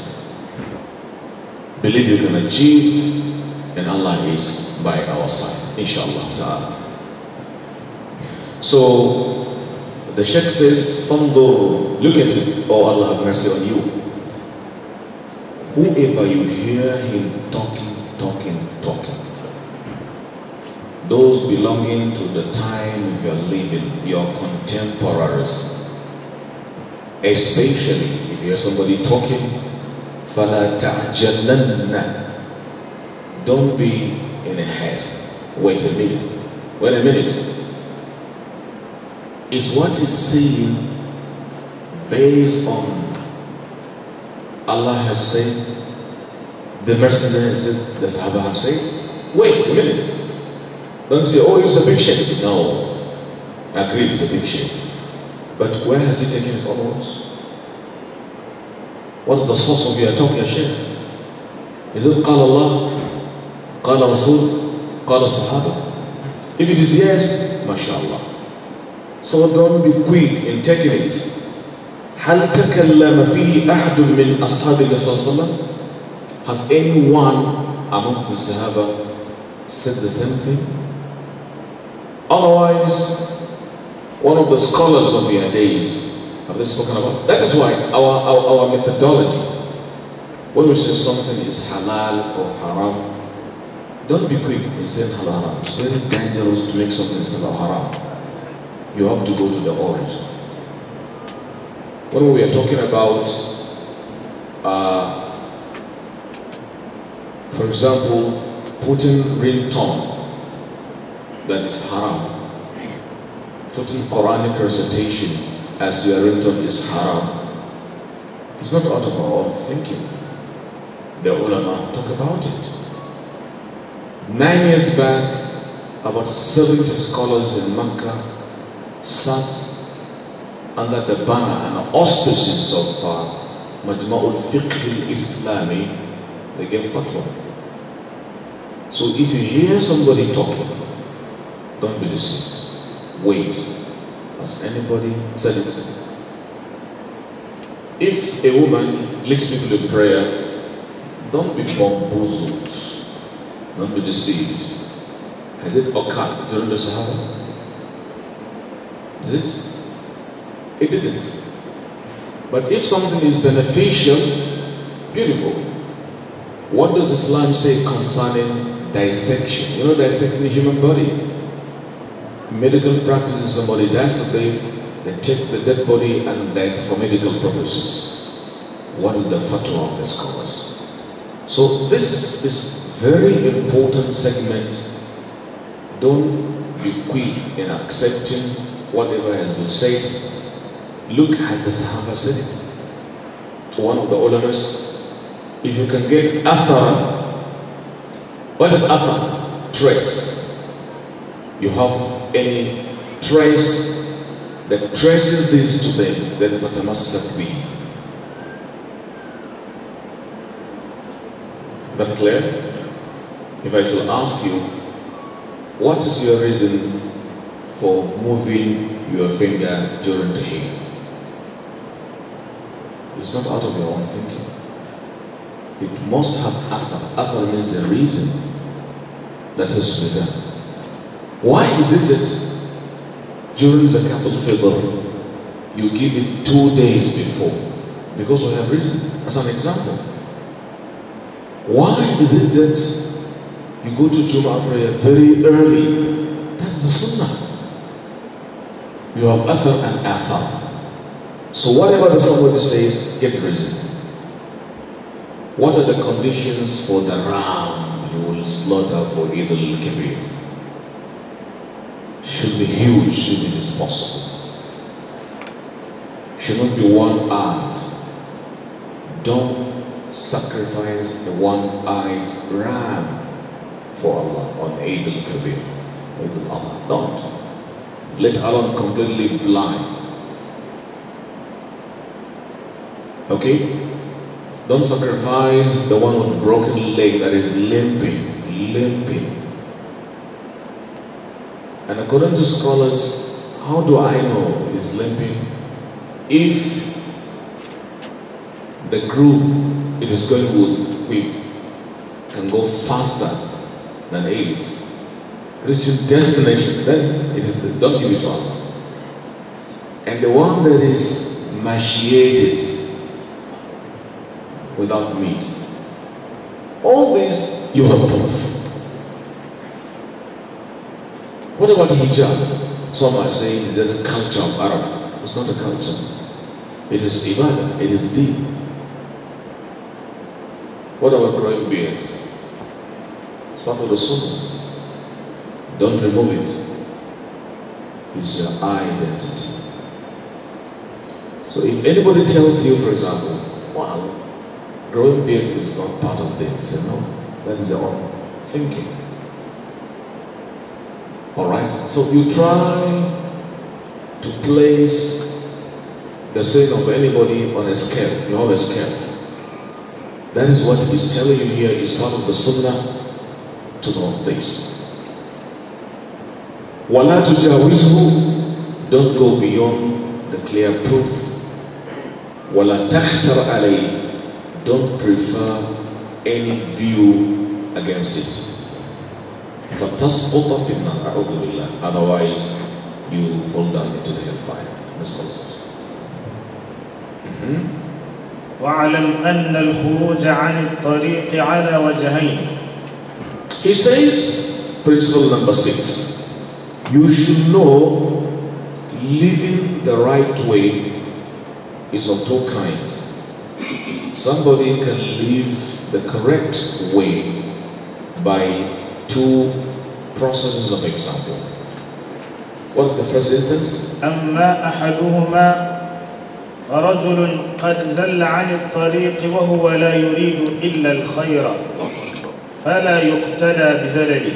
Speaker 1: Believe you can achieve, and Allah is by our side, inshallah ta'ala. So the Sheikh says, Fanduru, look at him. oh Allah have mercy on you. Whoever you hear him talking, talking, talking, those belonging to the time you're living, your contemporaries, especially if you hear somebody talking, Fala تعجلن تَعْجَلَنَّ Don't be in a haste. Wait a minute. Wait a minute is what is seen based on Allah has said, the Messenger has said, the Sahaba have said. Wait a minute. Don't say, oh, it's a big No. I agree, it's a big But where has he taken his followers? What is the source of your talk, your Is it Qala Allah? Qala Rasul, Qala Sahaba? If it is yes, mashallah. So don't be quick in taking it. هل تكلم فيه أحد من أصحاب صلى الله عليه وسلم? Has anyone among the Sahaba said the same thing? Otherwise, one of the scholars of their days have they spoken about. That is why our, our, our methodology, when we say something is halal or haram, don't be quick in saying halal. It's very dangerous to make something is halal haram you have to go to the origin. When we are talking about, uh, for example, putting ringtone that is haram, putting Quranic recitation as your ringtone is haram, it's not out of our own thinking. The ulama talk about it. Nine years back, about 70 scholars in Makkah sat under the banner and the auspices of uh, Majma'ul Fiqh al-Islami, they gave fatwa. So if you hear somebody talking, don't be deceived. Wait. Has anybody said it? If a woman leads people to prayer, don't be bamboozled. Don't be deceived. Has it occurred during the Sahaba? Is it? It didn't. But if something is beneficial, beautiful. What does Islam say concerning dissection? You know, dissecting the human body. Medical practices, somebody dies today, they take the dead body and dissect for medical purposes. What is the fatwa of this cause? So this is very important segment. Don't be quick in accepting whatever has been said. Look at the Sahaba said it. One of the ulamas, if you can get athar, what is athar? Trace. You have any trace that traces this to them, then fatamassak be. That clear? If I shall ask you, what is your reason for moving your finger during the hymn. It's not out of your own thinking. It must have after. After means a reason that is has to be done. Why is it that during the capital fever you give it two days before? Because we have reasons. As an example, why is it that you go to Juma prayer very early? That's the sunnah. You have athar and athar. So whatever somebody says, get reason. What are the conditions for the ram you will slaughter for Eid al-Kabir? Should be huge, should be possible. Should not be one-eyed. Don't sacrifice the one-eyed ram for Allah on Eid al-Kabir. Eid al-Allah. Don't let alone completely blind. Okay? Don't sacrifice the one with broken leg that is limping, limping. And according to scholars, how do I know he's limping? If the group it is going with, with can go faster than eight reach its destination, then it is the Don't give it up. And the one that is machiated without meat, all this you have proof. What about hijab? Some are saying it's just culture of Arab. It's not a culture. It is ibadah. It is deep. What about growing beard? It's part of the sunnah. Don't remove it. It's your identity. So if anybody tells you, for example, wow, growing beard is not part of things, you know, that is your own thinking. Alright? So you try to place the sin of anybody on a scale. You have a scale. That is what is telling you here is part of the sunnah to know this. Wala tujawizu, don't go beyond the clear proof. Wala tahtar alay, don't prefer any view against it. فَتَسْقُطَ فِي
Speaker 2: Otherwise, you fall down into the hellfire. That's واعلم أن الخروج عن الطريق على وجهين. He says,
Speaker 1: principle number six. You should know living the right way is of two kinds. Somebody can live the correct way by two processes of example.
Speaker 2: What is the first instance? أما أحدهما فرجل قد زل عن الطريق وهو لا يريد إلا الخير فلا يقتدى بزلله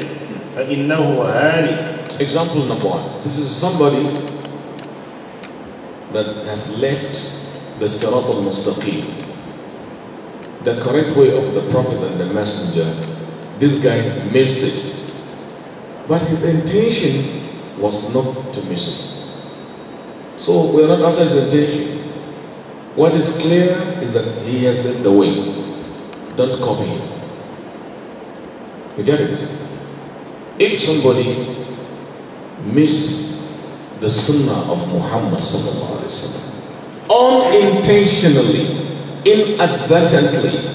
Speaker 2: فإنه هالك example number one. This is somebody
Speaker 1: that has left the Sirat al-Mustaqim, the correct way of the Prophet and the Messenger. This guy missed it. But his intention was not to miss it. So we are not after his intention. What is clear is that he has left the way. Don't copy him. You get it? If somebody missed the sunnah of Muhammad unintentionally, inadvertently.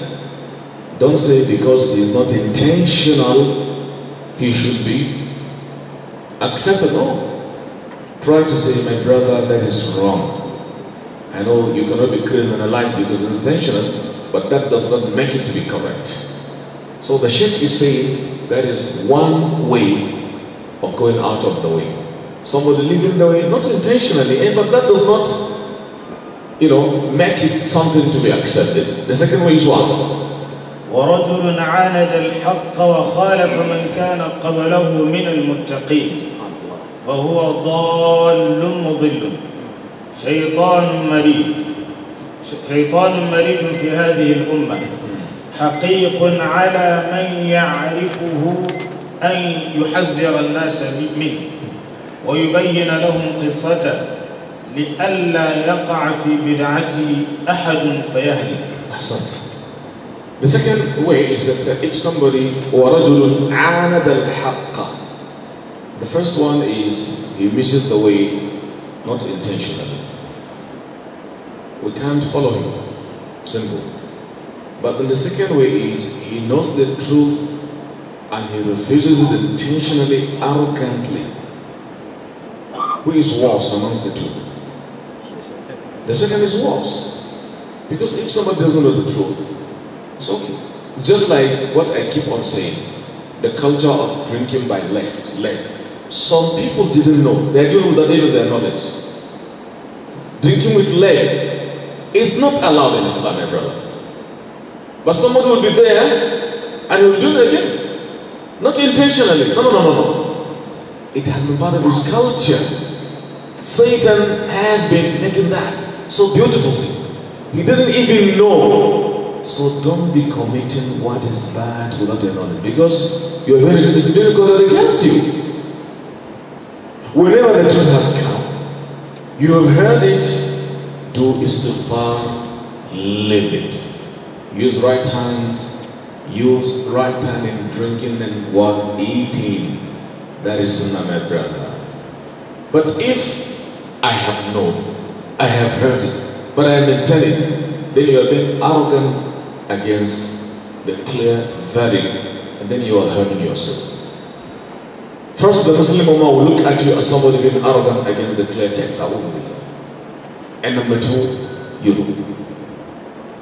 Speaker 1: Don't say because he is not intentional, he should be acceptable. Try to say, my brother, that is wrong. I know you cannot be criminalized because it's intentional, but that does not make it to be correct. So the Sheikh is saying that is one way of going out of the way. Somebody leaving the way, not intentionally, but that does not, you know, make it something to be accepted. The second way is what?
Speaker 2: ورجل عاند الحق وخالف من كان قبله من المتقين فهو ضال مضل شيطان مريد شيطان مريد في هذه الأمة حقيق على من يعرفه أن يحذر الناس منه ويبين لهم قصته لئلا يقع في بدعته أحد فيهلك
Speaker 1: أحسنت The
Speaker 2: second way
Speaker 1: is that if somebody or رجل عاند الحق The first one is he misses the way not intentionally. We can't follow him. Simple. But then the second way is he knows the truth and he refuses it intentionally, arrogantly. Who is worse amongst the two? The second is worse. Because if someone doesn't know the truth, it's okay. It's just like what I keep on saying the culture of drinking by left, left. Some people didn't know. they didn't know that even their knowledge. Drinking with left is not allowed in Islam, my brother. But somebody will be there and he will do it again. Not intentionally. No, no, no, no, no. It has been part of his culture. Satan has been making that so beautiful. He didn't even know. So don't be committing what is bad without your knowledge because you're very, it's very against you. Whenever the truth has come, you have heard it, do is to far, live it. Use right hand, use right hand in drinking and what eating. That is in my brother. But if I have known, I have heard it, but I am it, then you are being arrogant against the clear verdict, and then you are hurting yourself. First, the Muslim Ummah will look at you as somebody being arrogant against the clear text. And number two, you.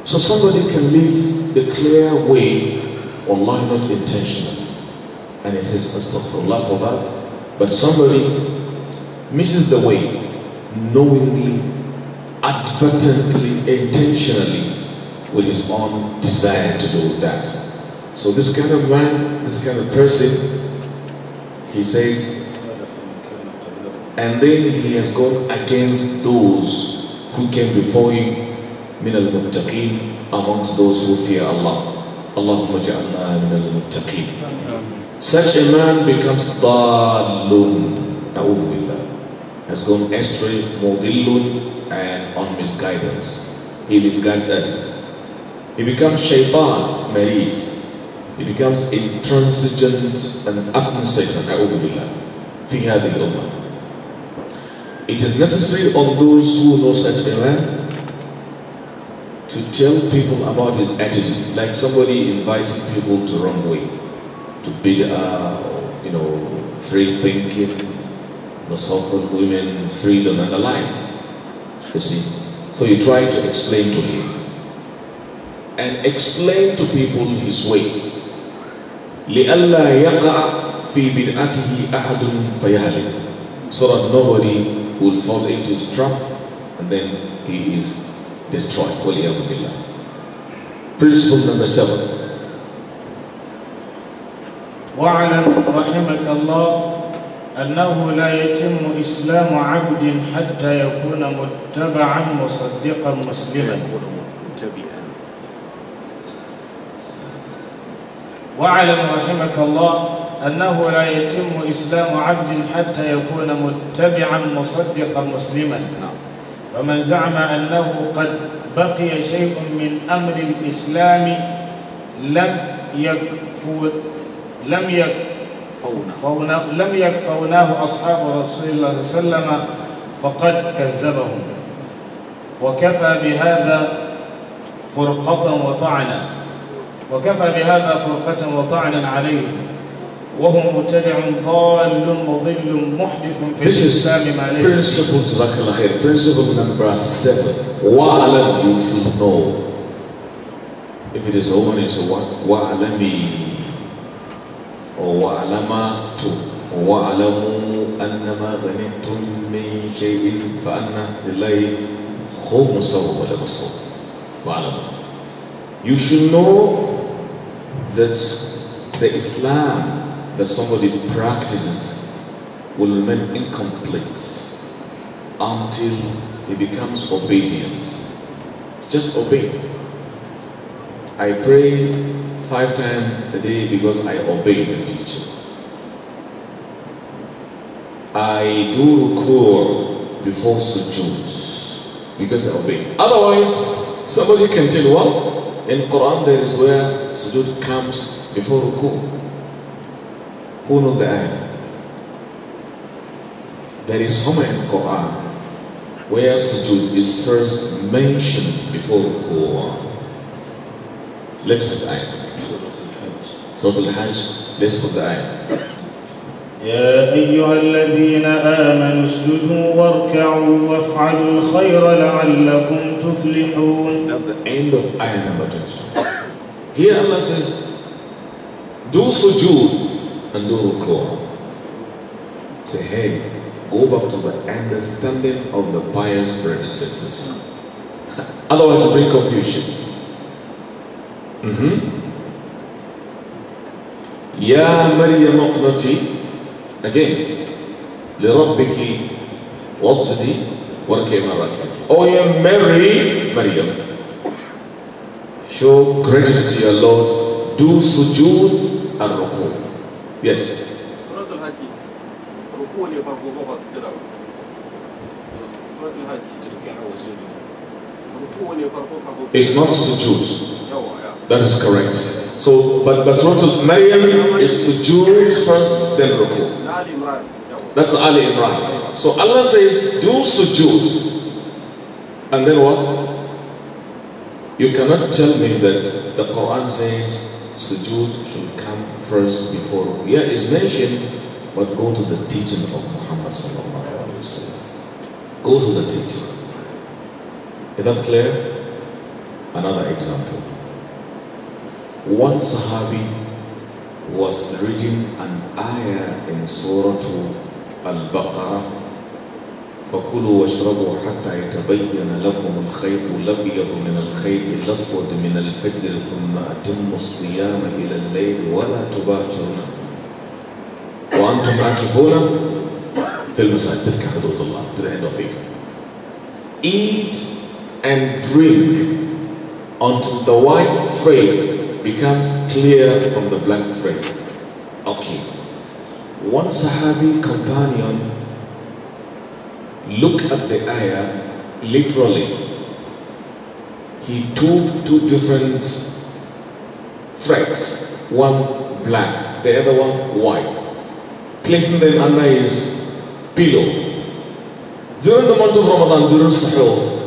Speaker 1: So somebody can live the clear way, Allah not intentional. And he says, astaghfirullah for that. But somebody misses the way, knowingly, advertently, intentionally, with his own desire to do that. So this kind of man, this kind of person, he says, and then he has gone against those who came before him, min al amongst those who fear Allah. Allahumma ja'alna min al-muttaqeen. Such a man becomes dalun, na'udhu billah, has gone astray, mudillun, and on misguidance. He misguides that. He becomes shaitan, marid. He becomes intransigent and often Satan, na'udhu billah, fi hadhi It is necessary on those who know such a man to tell people about his attitude. Like somebody inviting people to wrong way, to bid, uh, you know, free thinking, the so-called women, freedom and the like. You see? So you try to explain to him and explain to people his way. لِأَلَّا يَقَعَ فِي بِدْعَتِهِ أَحَدٌ فَيَهْلِكُ So that nobody will fall into his trap and then he is
Speaker 2: destroyed.
Speaker 1: Principle number seven.
Speaker 2: واعلم رحمك الله أنه لا يتم إسلام عبد حتى يكون متبعا مصدقا مسلما واعلم رحمك الله أنه لا يتم إسلام عبد حتى يكون متبعا مصدقا مسلما نعم. فمن زعم أنه قد بقي شيء من أمر الإسلام لم يكفو لم يكفونه لم يكفوناه أصحاب رسول الله صلى الله عليه وسلم فقد كذبهم وكفى بهذا فرقة وطعنا وكفى بهذا فرقة وطعنا عليهم وهو مبتدع ضال مضل محدث في This الإسلام
Speaker 1: ما ليس principle جزاك الله خير principle number seven واعلم you should know if it is a woman it's a واعلمي or واعلم to واعلموا أنما غنمتم من شيء فأن لله خمسه ولبسه واعلموا You should know that the Islam that somebody practices will remain incomplete until he becomes obedient. Just obey. I pray five times a day because I obey the teacher. I do rukur before sujood because I obey. Otherwise, somebody can tell, well, in Quran there is where sujood comes before rukur. Who knows that? There is somewhere in Quran where sujood is first mentioned before Quran. Let's Look at the ayah. Surah Al-Hajj. Let's look at the ayah.
Speaker 2: يا أيها الذين آمنوا اسجدوا واركعوا وافعلوا الخير لعلكم تفلحون That's the end of ayah number 22. Here Allah says,
Speaker 1: do sujood and do call Say, hey, go back to the understanding of the pious predecessors. Otherwise, you bring confusion. Mm-hmm. يا مريم اقنتي again لربك واسجدي واركعي مع الراكعين Oh yeah, Mary, Maryam. Show gratitude to your Lord. Do sujood and rukuh. Yes. It's not sujood. That is correct. So, but, but maryam is sujood first, then ruku. That's Ali Imran. So Allah says, do sujood. And then what? You cannot tell me that the Quran says sujood should come first before ruqya is mentioned, but go to the teaching of Muhammad sallallahu alaihi wasallam. Go to the teaching. Is that clear? Another example. One Sahabi was reading an ayah in Surah Al-Baqarah فكلوا واشربوا حتى يتبين لكم الخيط الابيض من الخيط الاسود من الفجر ثم اتموا الصيام الى الليل ولا تباشرون وانتم عاكفون في المساجد تلك حدود الله تلعدوا فيك Eat and drink until the white thread becomes clear from the black thread. Okay. One Sahabi companion look at the ayah literally. He took two different threads, one black, the other one white, placing them under his pillow. During the month of Ramadan, during Sahel,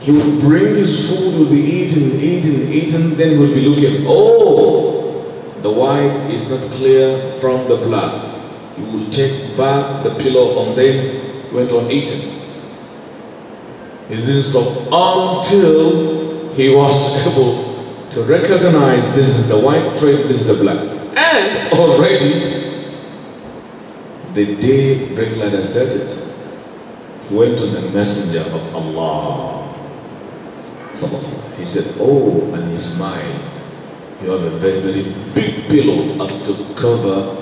Speaker 1: he would bring his food, would be eaten, eaten, eaten, then he would be looking, oh, the white is not clear from the black. He would take back the pillow on them went on eating. He didn't stop until he was able to recognize this is the white thread, this is the black. And already, the day bricklaying started, he went to the messenger of Allah. He said, Oh, and he smiled. You have a very, very big pillow as to cover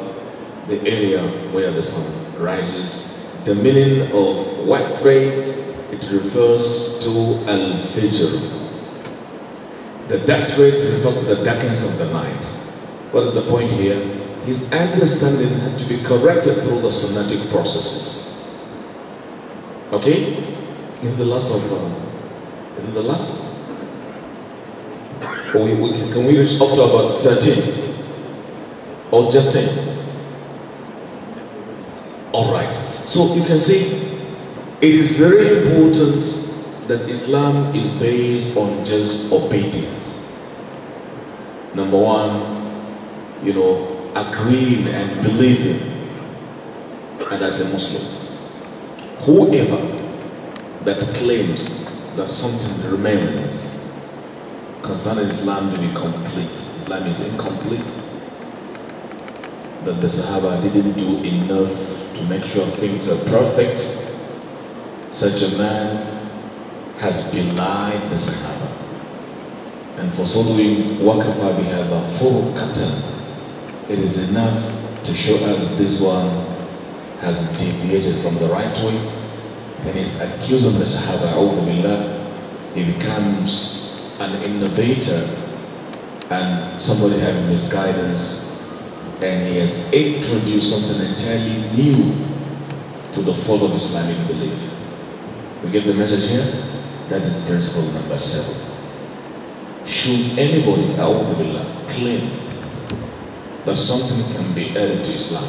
Speaker 1: the area where the sun rises the meaning of white thread, it refers to Al-Fijr. The dark thread refers to the darkness of the night. What is the point here? His understanding had to be corrected through the somatic processes. Okay? In the last of, uh, in the last, we, we can, can we reach up to about 13? Or just 10? All right. So you can see it is very important that Islam is based on just obedience. Number one, you know, agreeing and believing. And as a Muslim, whoever that claims that something remains concerning Islam to be complete, Islam is incomplete, that the Sahaba didn't do enough to make sure things are perfect, such a man has belied the Sahaba. And for so doing, a full furqatan. It is enough to show us this one has deviated from the right way and is accusing the Sahaba, billah, he becomes an innovator and somebody having misguidance and he has introduced something entirely new to the fold of Islamic belief. We get the message here? That is principle number seven. Should anybody, A'udhu claim that something can be added to Islam?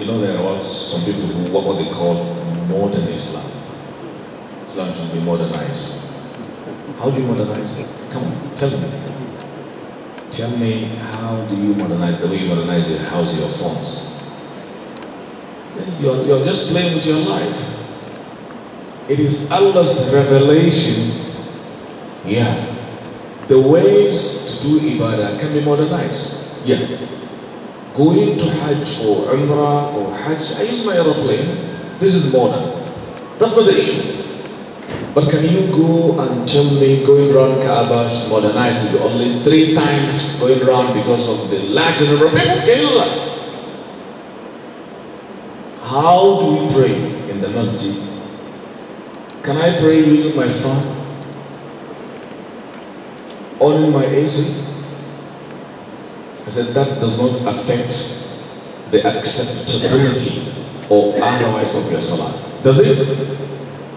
Speaker 1: You know, there are some people who, what they call modern Islam. Islam should be modernized. How do you modernize it? Come on, tell me. Tell me, how do you modernize, the way you modernize your house, your phones? You're, you're just playing with your life. It is Allah's revelation. Yeah. The ways to do ibadah can be modernized. Yeah. Going to Hajj or Umrah or Hajj, I use my aeroplane. This is modern. That's not the issue. But can you go and tell me going around Kaaba modernized you only three times going around because of the large number of people? Can you that? How do we pray in the masjid? Can I pray with my phone? On my AC? I said that does not affect the acceptability or otherwise of your salah. Does it?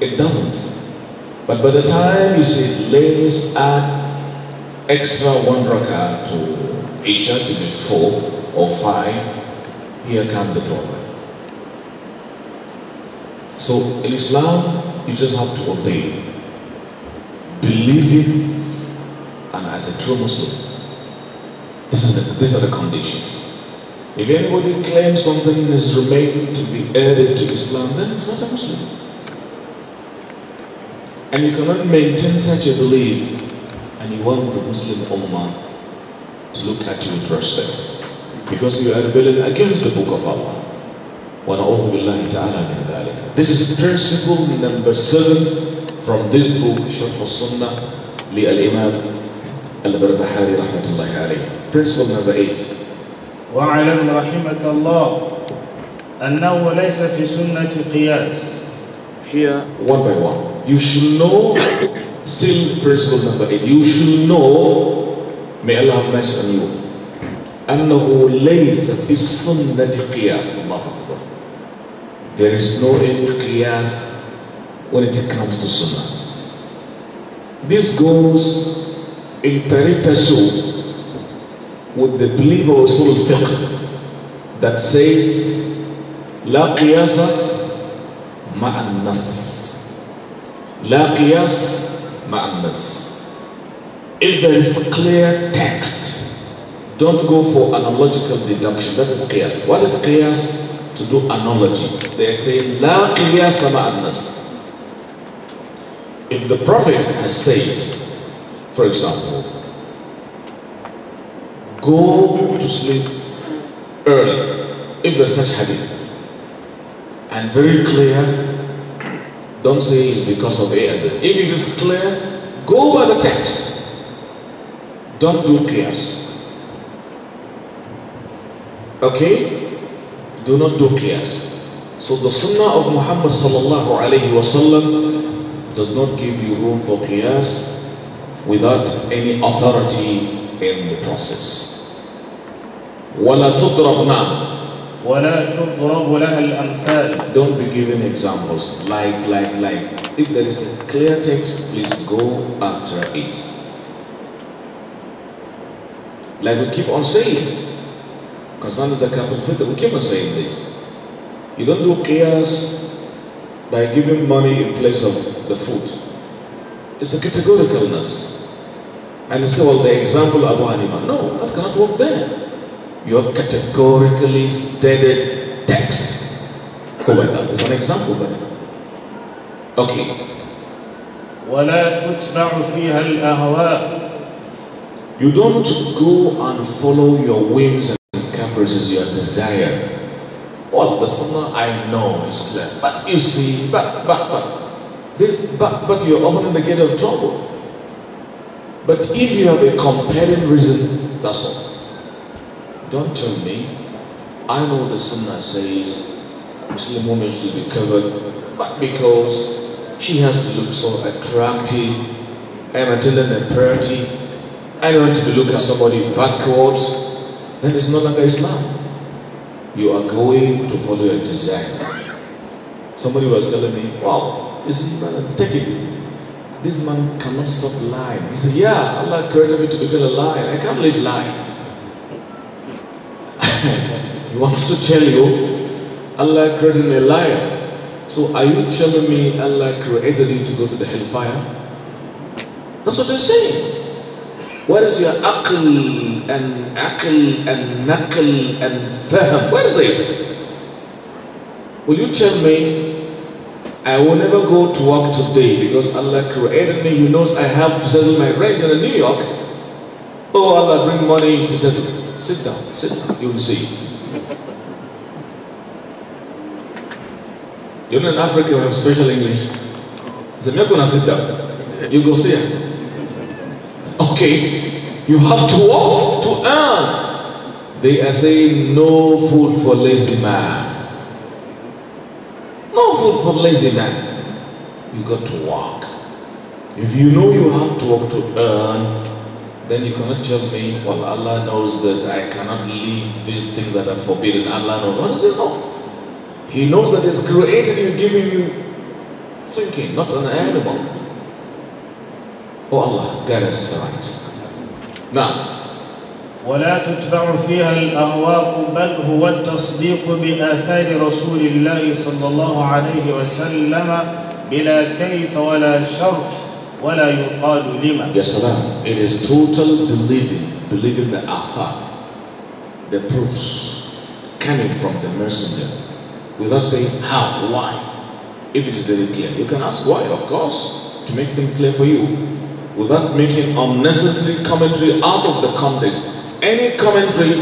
Speaker 1: It doesn't. But by the time you say lays add extra one rocker to Asia to be four or five, here comes the problem. So in Islam, you just have to obey, believe it, and as a true Muslim. These are, the, these are the conditions. If anybody claims something is remained to be added to Islam, then it's not a Muslim. And you cannot maintain such a belief and you want the Muslim Ummah to look at you with respect. Because you are rebelling against the Book of Allah. This is principle number seven from this
Speaker 2: book, Sharh al-Sunnah, li al-Imam al-Barbahari rahmatullahi alayhi. Principle number eight. وَعَلَمْ رَحِمَكَ اللَّهُ أَنَّهُ لَيْسَ فِي سُنَّةِ قِيَاسٍ here one by one. You should know,
Speaker 1: still principle number eight, you should know, may Allah have mercy on you, أنه ليس في قياس There is no any qiyas when it comes to sunnah. This goes in peripesu with the belief of Rasul fiqh that says, لا قياس مع النص لا قياس مع النص If there is a clear text, don't go for analogical deduction. That is qiyas. What is qiyas? To do analogy. They are saying, La qiyas ma'annas. If the Prophet has said, for example, go to sleep early, if there is such hadith, and very clear, don't say it's because of anything. If it is clear, go by the text. Don't do chaos. Okay? Do not do chaos. So the sunnah of Muhammad sallallahu alayhi wasallam does not give you room for chaos without any authority in the process. وَلَا تُضْرَبْنَا don't be giving examples like, like, like. If there is a clear text, please go after it. Like we keep on saying, concerning zakat al-fitr, we keep on saying this. You don't do chaos by giving money in place of the food. It's a categoricalness. And you say, well, the example Abu Hanifa. No, that cannot work there you have categorically stated text. Huwaida is an example there. Okay. You don't go and follow your whims and caprices, your desire. Well, the sunnah I know is clear, but you see, but, but, but, this, but, but you're opening the gate of trouble. But if you have a compelling reason, that's all. Don't tell me. I know the Sunnah says Muslim woman should be covered, but because she has to look so attractive, I'm attending a party, I don't want to look at somebody backwards, then it's no longer Islam. You are going to follow your desire. Somebody was telling me, wow, this man, take it? This man cannot stop lying. He said, yeah, Allah created me to be tell a lie. I can't live lying. he wants to tell you Allah created a liar. So are you telling me Allah created you to go to the hellfire? That's what they're saying. Where is your aql and aql and naql and fahm? Where is it? Will you tell me I will never go to work today because Allah created me. He knows I have to settle my rent in New York. Oh Allah, bring money to settle Sit down, sit down, you'll see. You know in Africa we have special English. The a gonna sit down. You go see it. Okay, you have to work to earn. They are saying no food for lazy man. No food for lazy man. You got to work. If you know you have to work to earn, then you cannot tell me, well, Allah knows that I cannot leave these things that are forbidden. Allah knows. What is it? No. He knows that He's created you, giving you thinking, not an animal.
Speaker 2: Oh Allah, guide us right. Now, ولا تتبع فيها الأهواء بل هو التصديق بآثار رسول الله صلى الله عليه وسلم بلا كيف ولا شرط ولا يقال لمن Yes, sir.
Speaker 1: It is total believing, believing the afa, the proofs coming from the messenger without saying how, why. If it is very clear, you can ask why, of course, to make things clear for you without making unnecessary commentary out of the context. Any commentary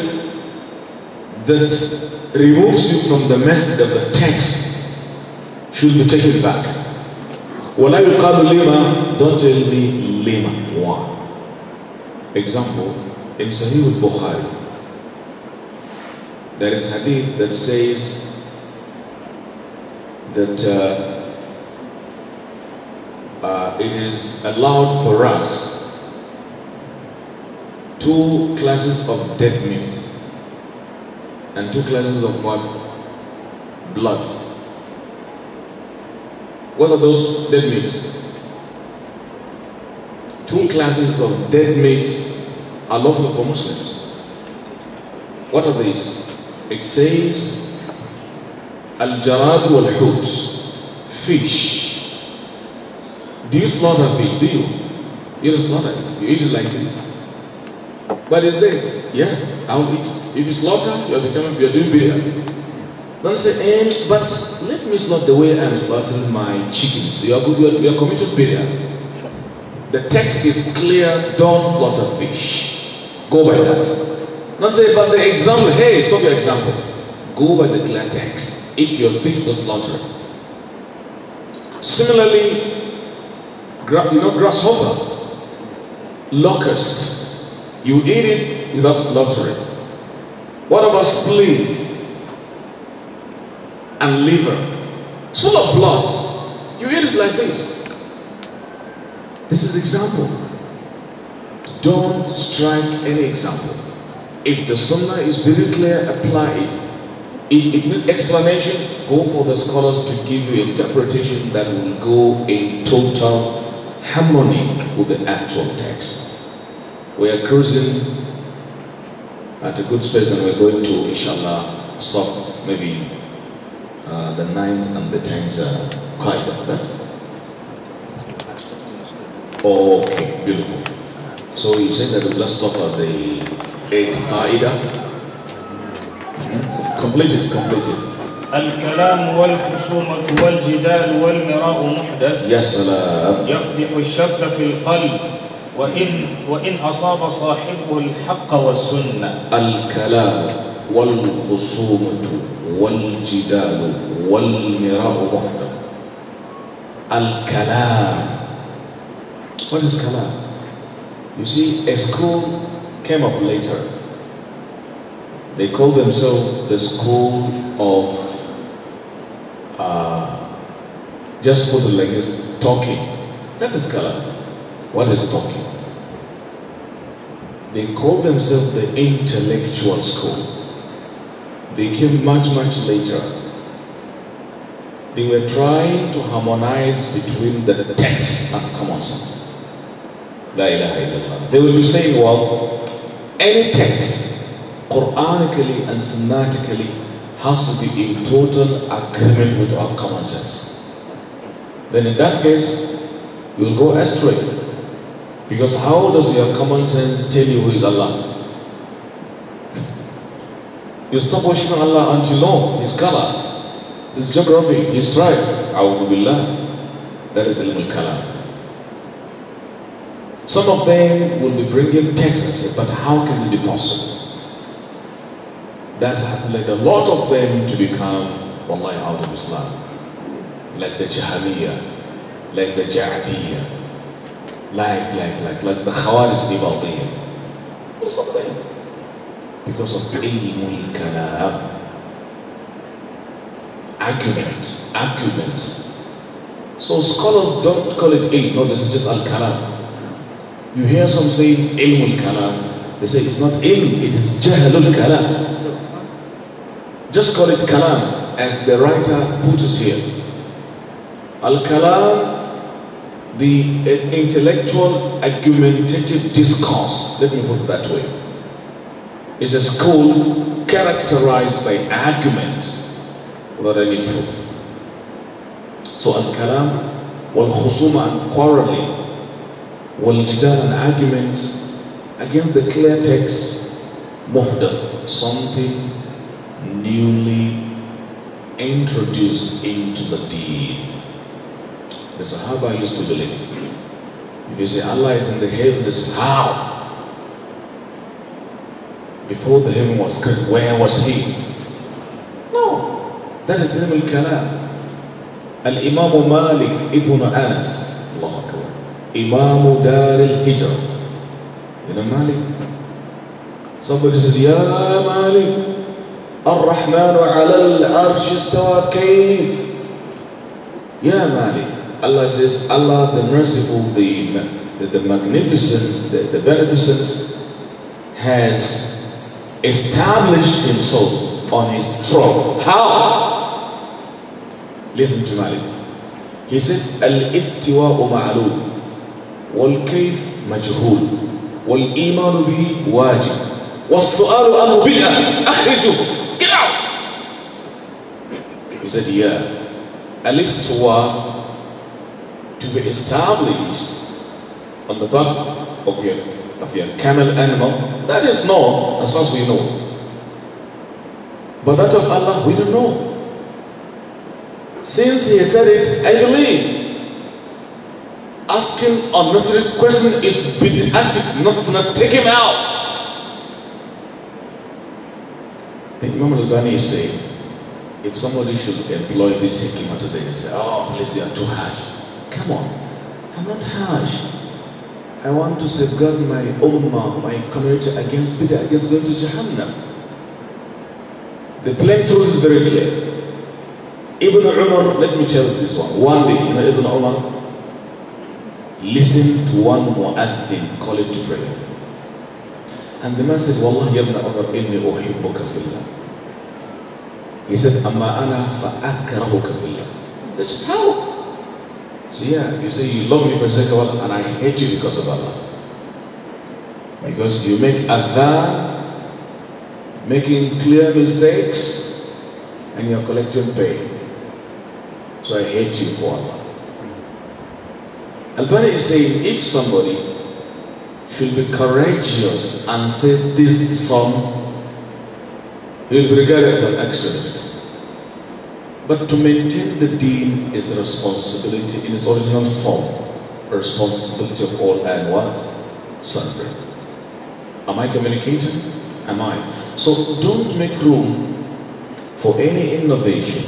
Speaker 1: that removes you from the message of the text should be taken back. ولا يقال lima? don't tell me lima. why example in Sahih there is hadith that says that uh, uh, it is allowed for us two classes of dead meat and two classes of what blood what are those dead meats? Two classes of dead meats are lawful for Muslims. What are these? It says Al-Jarad wal-Hut Fish Do you slaughter fish? Do you? You don't slaughter it. You eat it like this. But it's dead. Yeah, I'll eat it. If you slaughter, you're becoming, you're doing biryani. Don't say, eh, but let me is not the way I'm slaughtering my chickens. You are, good, you are committed period. The text is clear, don't slaughter fish. Go by that. do Not say, but the example, hey, stop your example. Go by the clear text. Eat your fish for slaughter. Similarly, you know, grasshopper, locust. You eat it without slaughtering. What about spleen? and liver. It's full of blood. You eat it like this. This is example. Don't strike any example. If the sunnah is very clear, apply it. If it needs explanation, go for the scholars to give you interpretation that will go in total harmony with the actual text. We are cruising at a good space and we're going to, inshallah, stop maybe the ninth and the tenth uh, qaida. That? Okay, beautiful. So you said that the last stop of the eighth qaida. Completed, completed.
Speaker 2: الكلام والخصومة والجدال والمراء محدث يا سلام يقدح الشك في القلب وإن, وإن أصاب صاحبه الحق والسنة
Speaker 1: الكلام والخصومة والجدال والمراء وحده الكلام What is kalam? You see, a school came up later. They called themselves the school of, uh, just put it like this, talking. That is kalam. What is talking? They called themselves the intellectual school. They came much, much later. They were trying to harmonize between the text and common sense. La ilaha illallah. They will be saying, well, any text, Quranically and Sunnatically, has to be in total agreement with our common sense. Then in that case, you will go astray. Because how does your common sense tell you who is Allah? You stop worshiping Allah until know His color, His geography, His tribe. Billah. That is ilm al-kalam. Some of them will be bringing texts and say, but how can it be possible? That has led a lot of them to become, wallahi, out of Islam. Like the Jahamiyyah, like the Ja'adiyyah, like, like, like, like the Khawarij Ibadiyyah. It's not because of ilmul kalam. Argument, argument. So scholars don't call it ilm, no, is just al kalam. You hear some saying ilmul kalam, they say it's not ilm, it is jahalul kalam. Just call it kalam as the writer puts it here. Al kalam, the uh, intellectual argumentative discourse, let me put it that way is a school characterized by argument without any proof. So al-kalam wal-khusuma quarreling wal-jidal an argument against the clear text muhdath, something newly introduced into the Deen. The Sahaba used to believe. If you say Allah is in the heavens, how? before the heaven was created, where was he? No, that is him al-Kalam. Al-Imam Malik ibn Anas, Allah Akbar, Imam Dar al-Hijr. You know Malik? Somebody said, Ya Malik, الرحمن على العرش استوى كيف Ya Malik. Allah says Allah the merciful the the, magnificent the beneficent has established himself on his throne. How? Listen to Malik. He said, Al-istiwa'u ma'lum wal-kayf majhul wal-iman bihi wajib was-su'alu Get out! He said, yeah. Al-istiwa to be established on the back of your of your camel animal, that is known as far as we know. But that of Allah, we don't know. Since He said it, I believe. Asking unnecessary question is bid'atic, not gonna Take him out. The Imam al-Bani is saying, if somebody should employ this hikmah today, you say, oh, please, you are too harsh. Come on, I'm not harsh. I want to safeguard my ummah, my community against bidah, against going to Jahannam. The plain truth is very clear. Ibn Umar, let me tell you this one. One day, you know, Ibn Umar listened to one mu'azzin calling to prayer. And the man said, Wallahi ibn Umar, inni uhibbuka fillah. He said, Amma ana fa'akrahuka fillah. That's how? So yeah, you say you love me for the sake of Allah and I hate you because of Allah. Because you make adhan, making clear mistakes, and you're collecting pay. So I hate you for Allah. Albani is saying if somebody should be courageous and say this to some, he will be regarded as an extremist. But to maintain the deen is a responsibility in its original form, a responsibility of all and what? Sundry. Am I communicating? Am I? So don't make room for any innovation.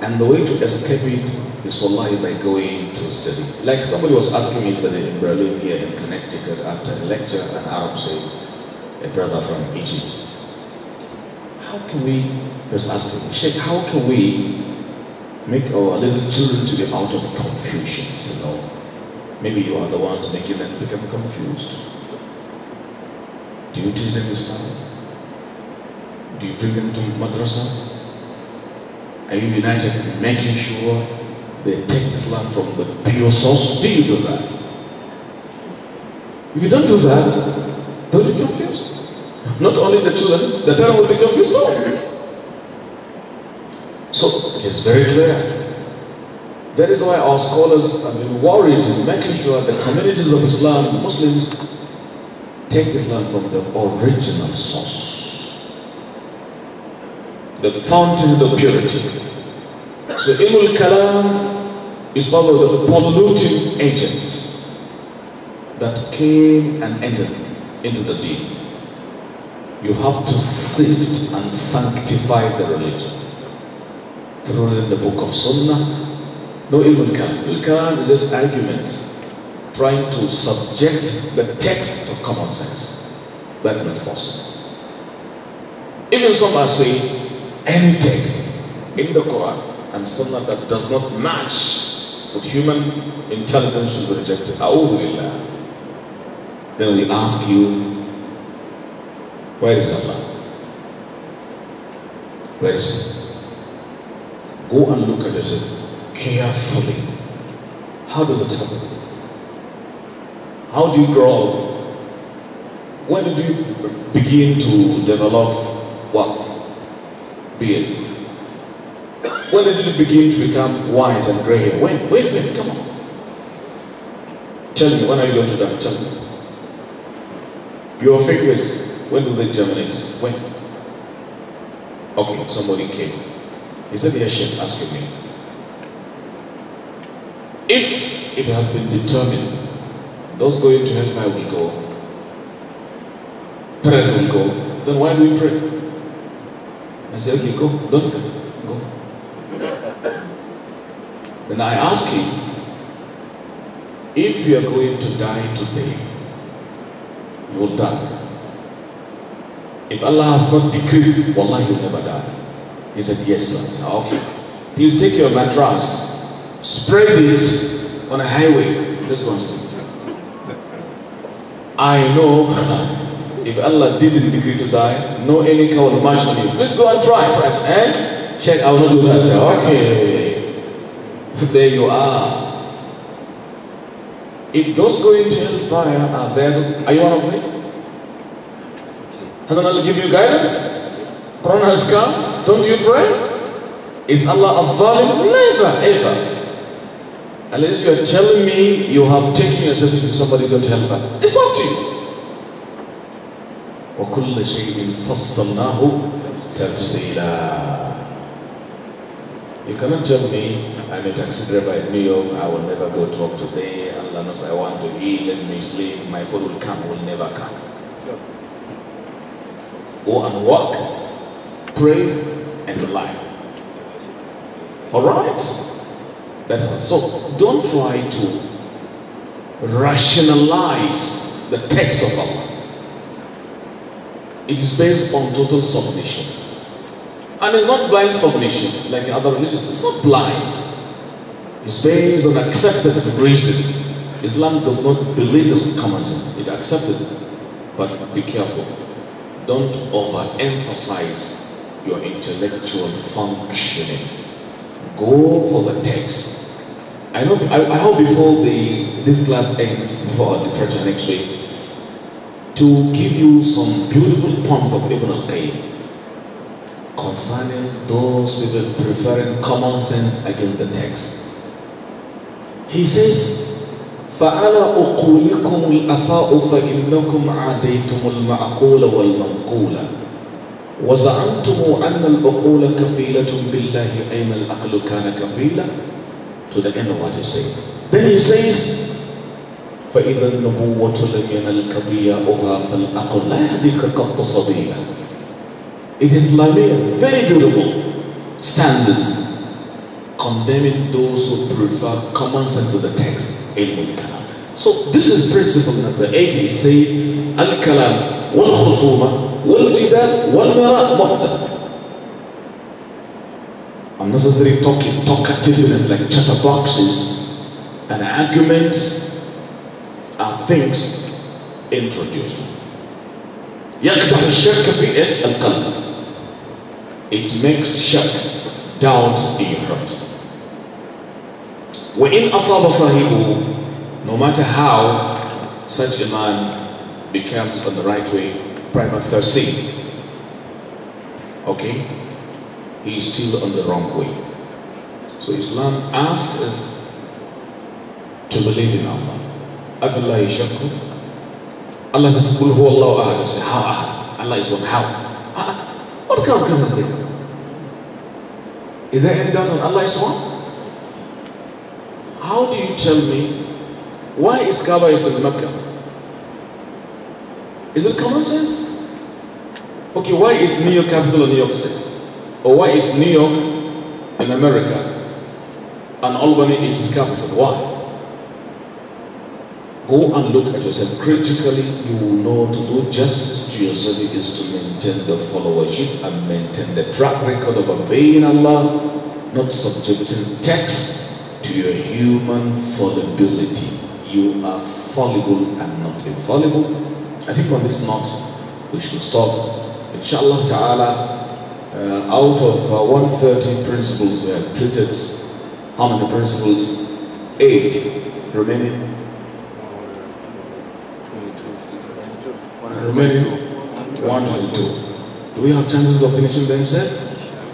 Speaker 1: And the way to escape it is wallahi by going to study. Like somebody was asking me yesterday in Berlin here in Connecticut after a lecture, an Arab said, a brother from Egypt how can we, just was asking, Sheikh, how can we make our little children to be out of confusion? You know, maybe you are the ones making them become confused. Do you teach them Islam? Do you bring them to madrasa? Are you united in making sure they take Islam from the pure source? Do you do that? If you don't do that, they'll be confused. Not only the children, the parent will be confused too. So it is very clear. That is why our scholars have been worried in making sure that communities of Islam, Muslims, take Islam from the original source, the fountain of purity. So Imul Kalam is one of the polluting agents that came and entered into the deen. You have to sift and sanctify the religion through the book of Sunnah. No even can. kalam is just arguments trying to subject the text to common sense. That's not possible. Even some are saying any text in the Quran and Sunnah that does not match with human intelligence should be rejected. Then we ask you, where is Allah? Where is He? Go and look at yourself carefully. How does it happen? How do you grow When do you begin to develop what? Be it. When did it begin to become white and grey When? When? Wait, wait, come on. Tell me, when are you going to die? Tell me. Your fingers, when do they germinate? When? Okay, somebody came. He said, Yes, Sheikh, asking me. If it has been determined, those going to hellfire will go, prayers will go, then why do we pray? I said, Okay, go, don't pray, go. Then I ask him, If you are going to die today, you will die. If Allah has not decreed, Wallah, you'll never die. He said, Yes, sir. okay. Please take your mattress, spread it on a highway. Just go and sleep. I know if Allah didn't decree to die, no any cow will march on you. Please go and try. Press. and Check, I will not do that. Say, okay. There you are. If those going to hellfire are there, are you one of them? Hasn't Allah give you guidance? Quran has come. Don't you pray? Is Allah a zalim? Never, ever. Unless you are telling me you have taken yourself to somebody going to hellfire. It's up to you. وكل شيء فصلناه تفصيلا You cannot tell me I'm a taxi driver in New York, I will never go to them. today, Allah knows I want to eat, let me sleep, my food will come, will never come. Go and walk, pray, and rely. Alright? That's all. So don't try to rationalize the text of Allah. It is based on total submission. And it's not blind submission like in other religions. It's not blind. It's based on accepted reason. Islam does not belittle command. It accepted it. But be careful. Don't overemphasize your intellectual functioning. Go for the text. I, I, I hope before the, this class ends, before the preacher next week, to give you some beautiful poems of Ibn al-Qayyim concerning those people preferring common sense against the text. He says, فعلى عقولكم الأفاء فإنكم عديتم المعقول والمنقول وزعمتم أن العقول كفيلة بالله أين العقل كان كفيلا to the end of what he said then he says فإذا النبوة لم ينل ضياؤها فالعقل لا يهديك قط صبيا It is lovely and very beautiful stanzas condemning those who prefer common sense to the text علم الكلام So this is principle number eight. He said, الكلام والخصومة والجدال والمراء محدث. Unnecessary talking, talkativeness like chatterboxes and arguments are things introduced. يقدح الشك في القلب. It makes shock, doubt in your heart. وَإِنْ أَصَابَ صَاحِبُهُ No matter how such a man becomes on the right way, prima facie, okay, he is still on the wrong way. So Islam asks us to believe in Allah. Afallah shakur. Allah says, Kul huwa Allah ahad. say, how Allah is one, how? What kind of question is this? Is there any doubt on Allah is one? How do you tell me why is Kaaba is in Mecca? Is it common sense? Okay, why is New York capital of New York State? Or why is New York in America and Albany in its capital? Why? Go and look at yourself critically. You will know to do justice to yourself is to maintain the followership and maintain the track record of obeying Allah, not subjecting texts to your human fallibility. You are fallible and not infallible. I think on this note, we should stop. Inshallah ta'ala, uh, out of uh, 130 principles we have treated, how many principles? Eight remaining. Remaining one and two. Do we have chances of finishing them, sir?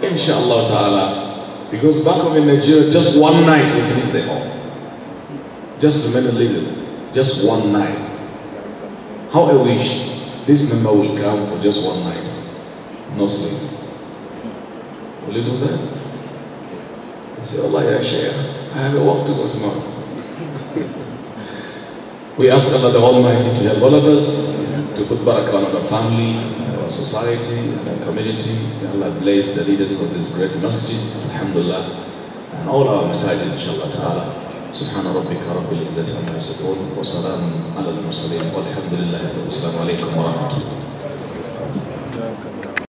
Speaker 1: Inshallah ta'ala. Because back home in Nigeria, just one night we finish them all. Just a minute later, just one night. How I wish this number will come for just one night, no sleep. Will you do that? I say, Allah, ya I have a walk to go tomorrow. we ask Allah the Almighty to help all of us, to put barakah on our family, our society and our community. May Allah bless the leaders of this great masjid, alhamdulillah, and all our masajid, inshallah ta'ala. سبحان ربك رب العزة عما يصفون
Speaker 2: وسلام على المرسلين والحمد لله والسلام عليكم ورحمة الله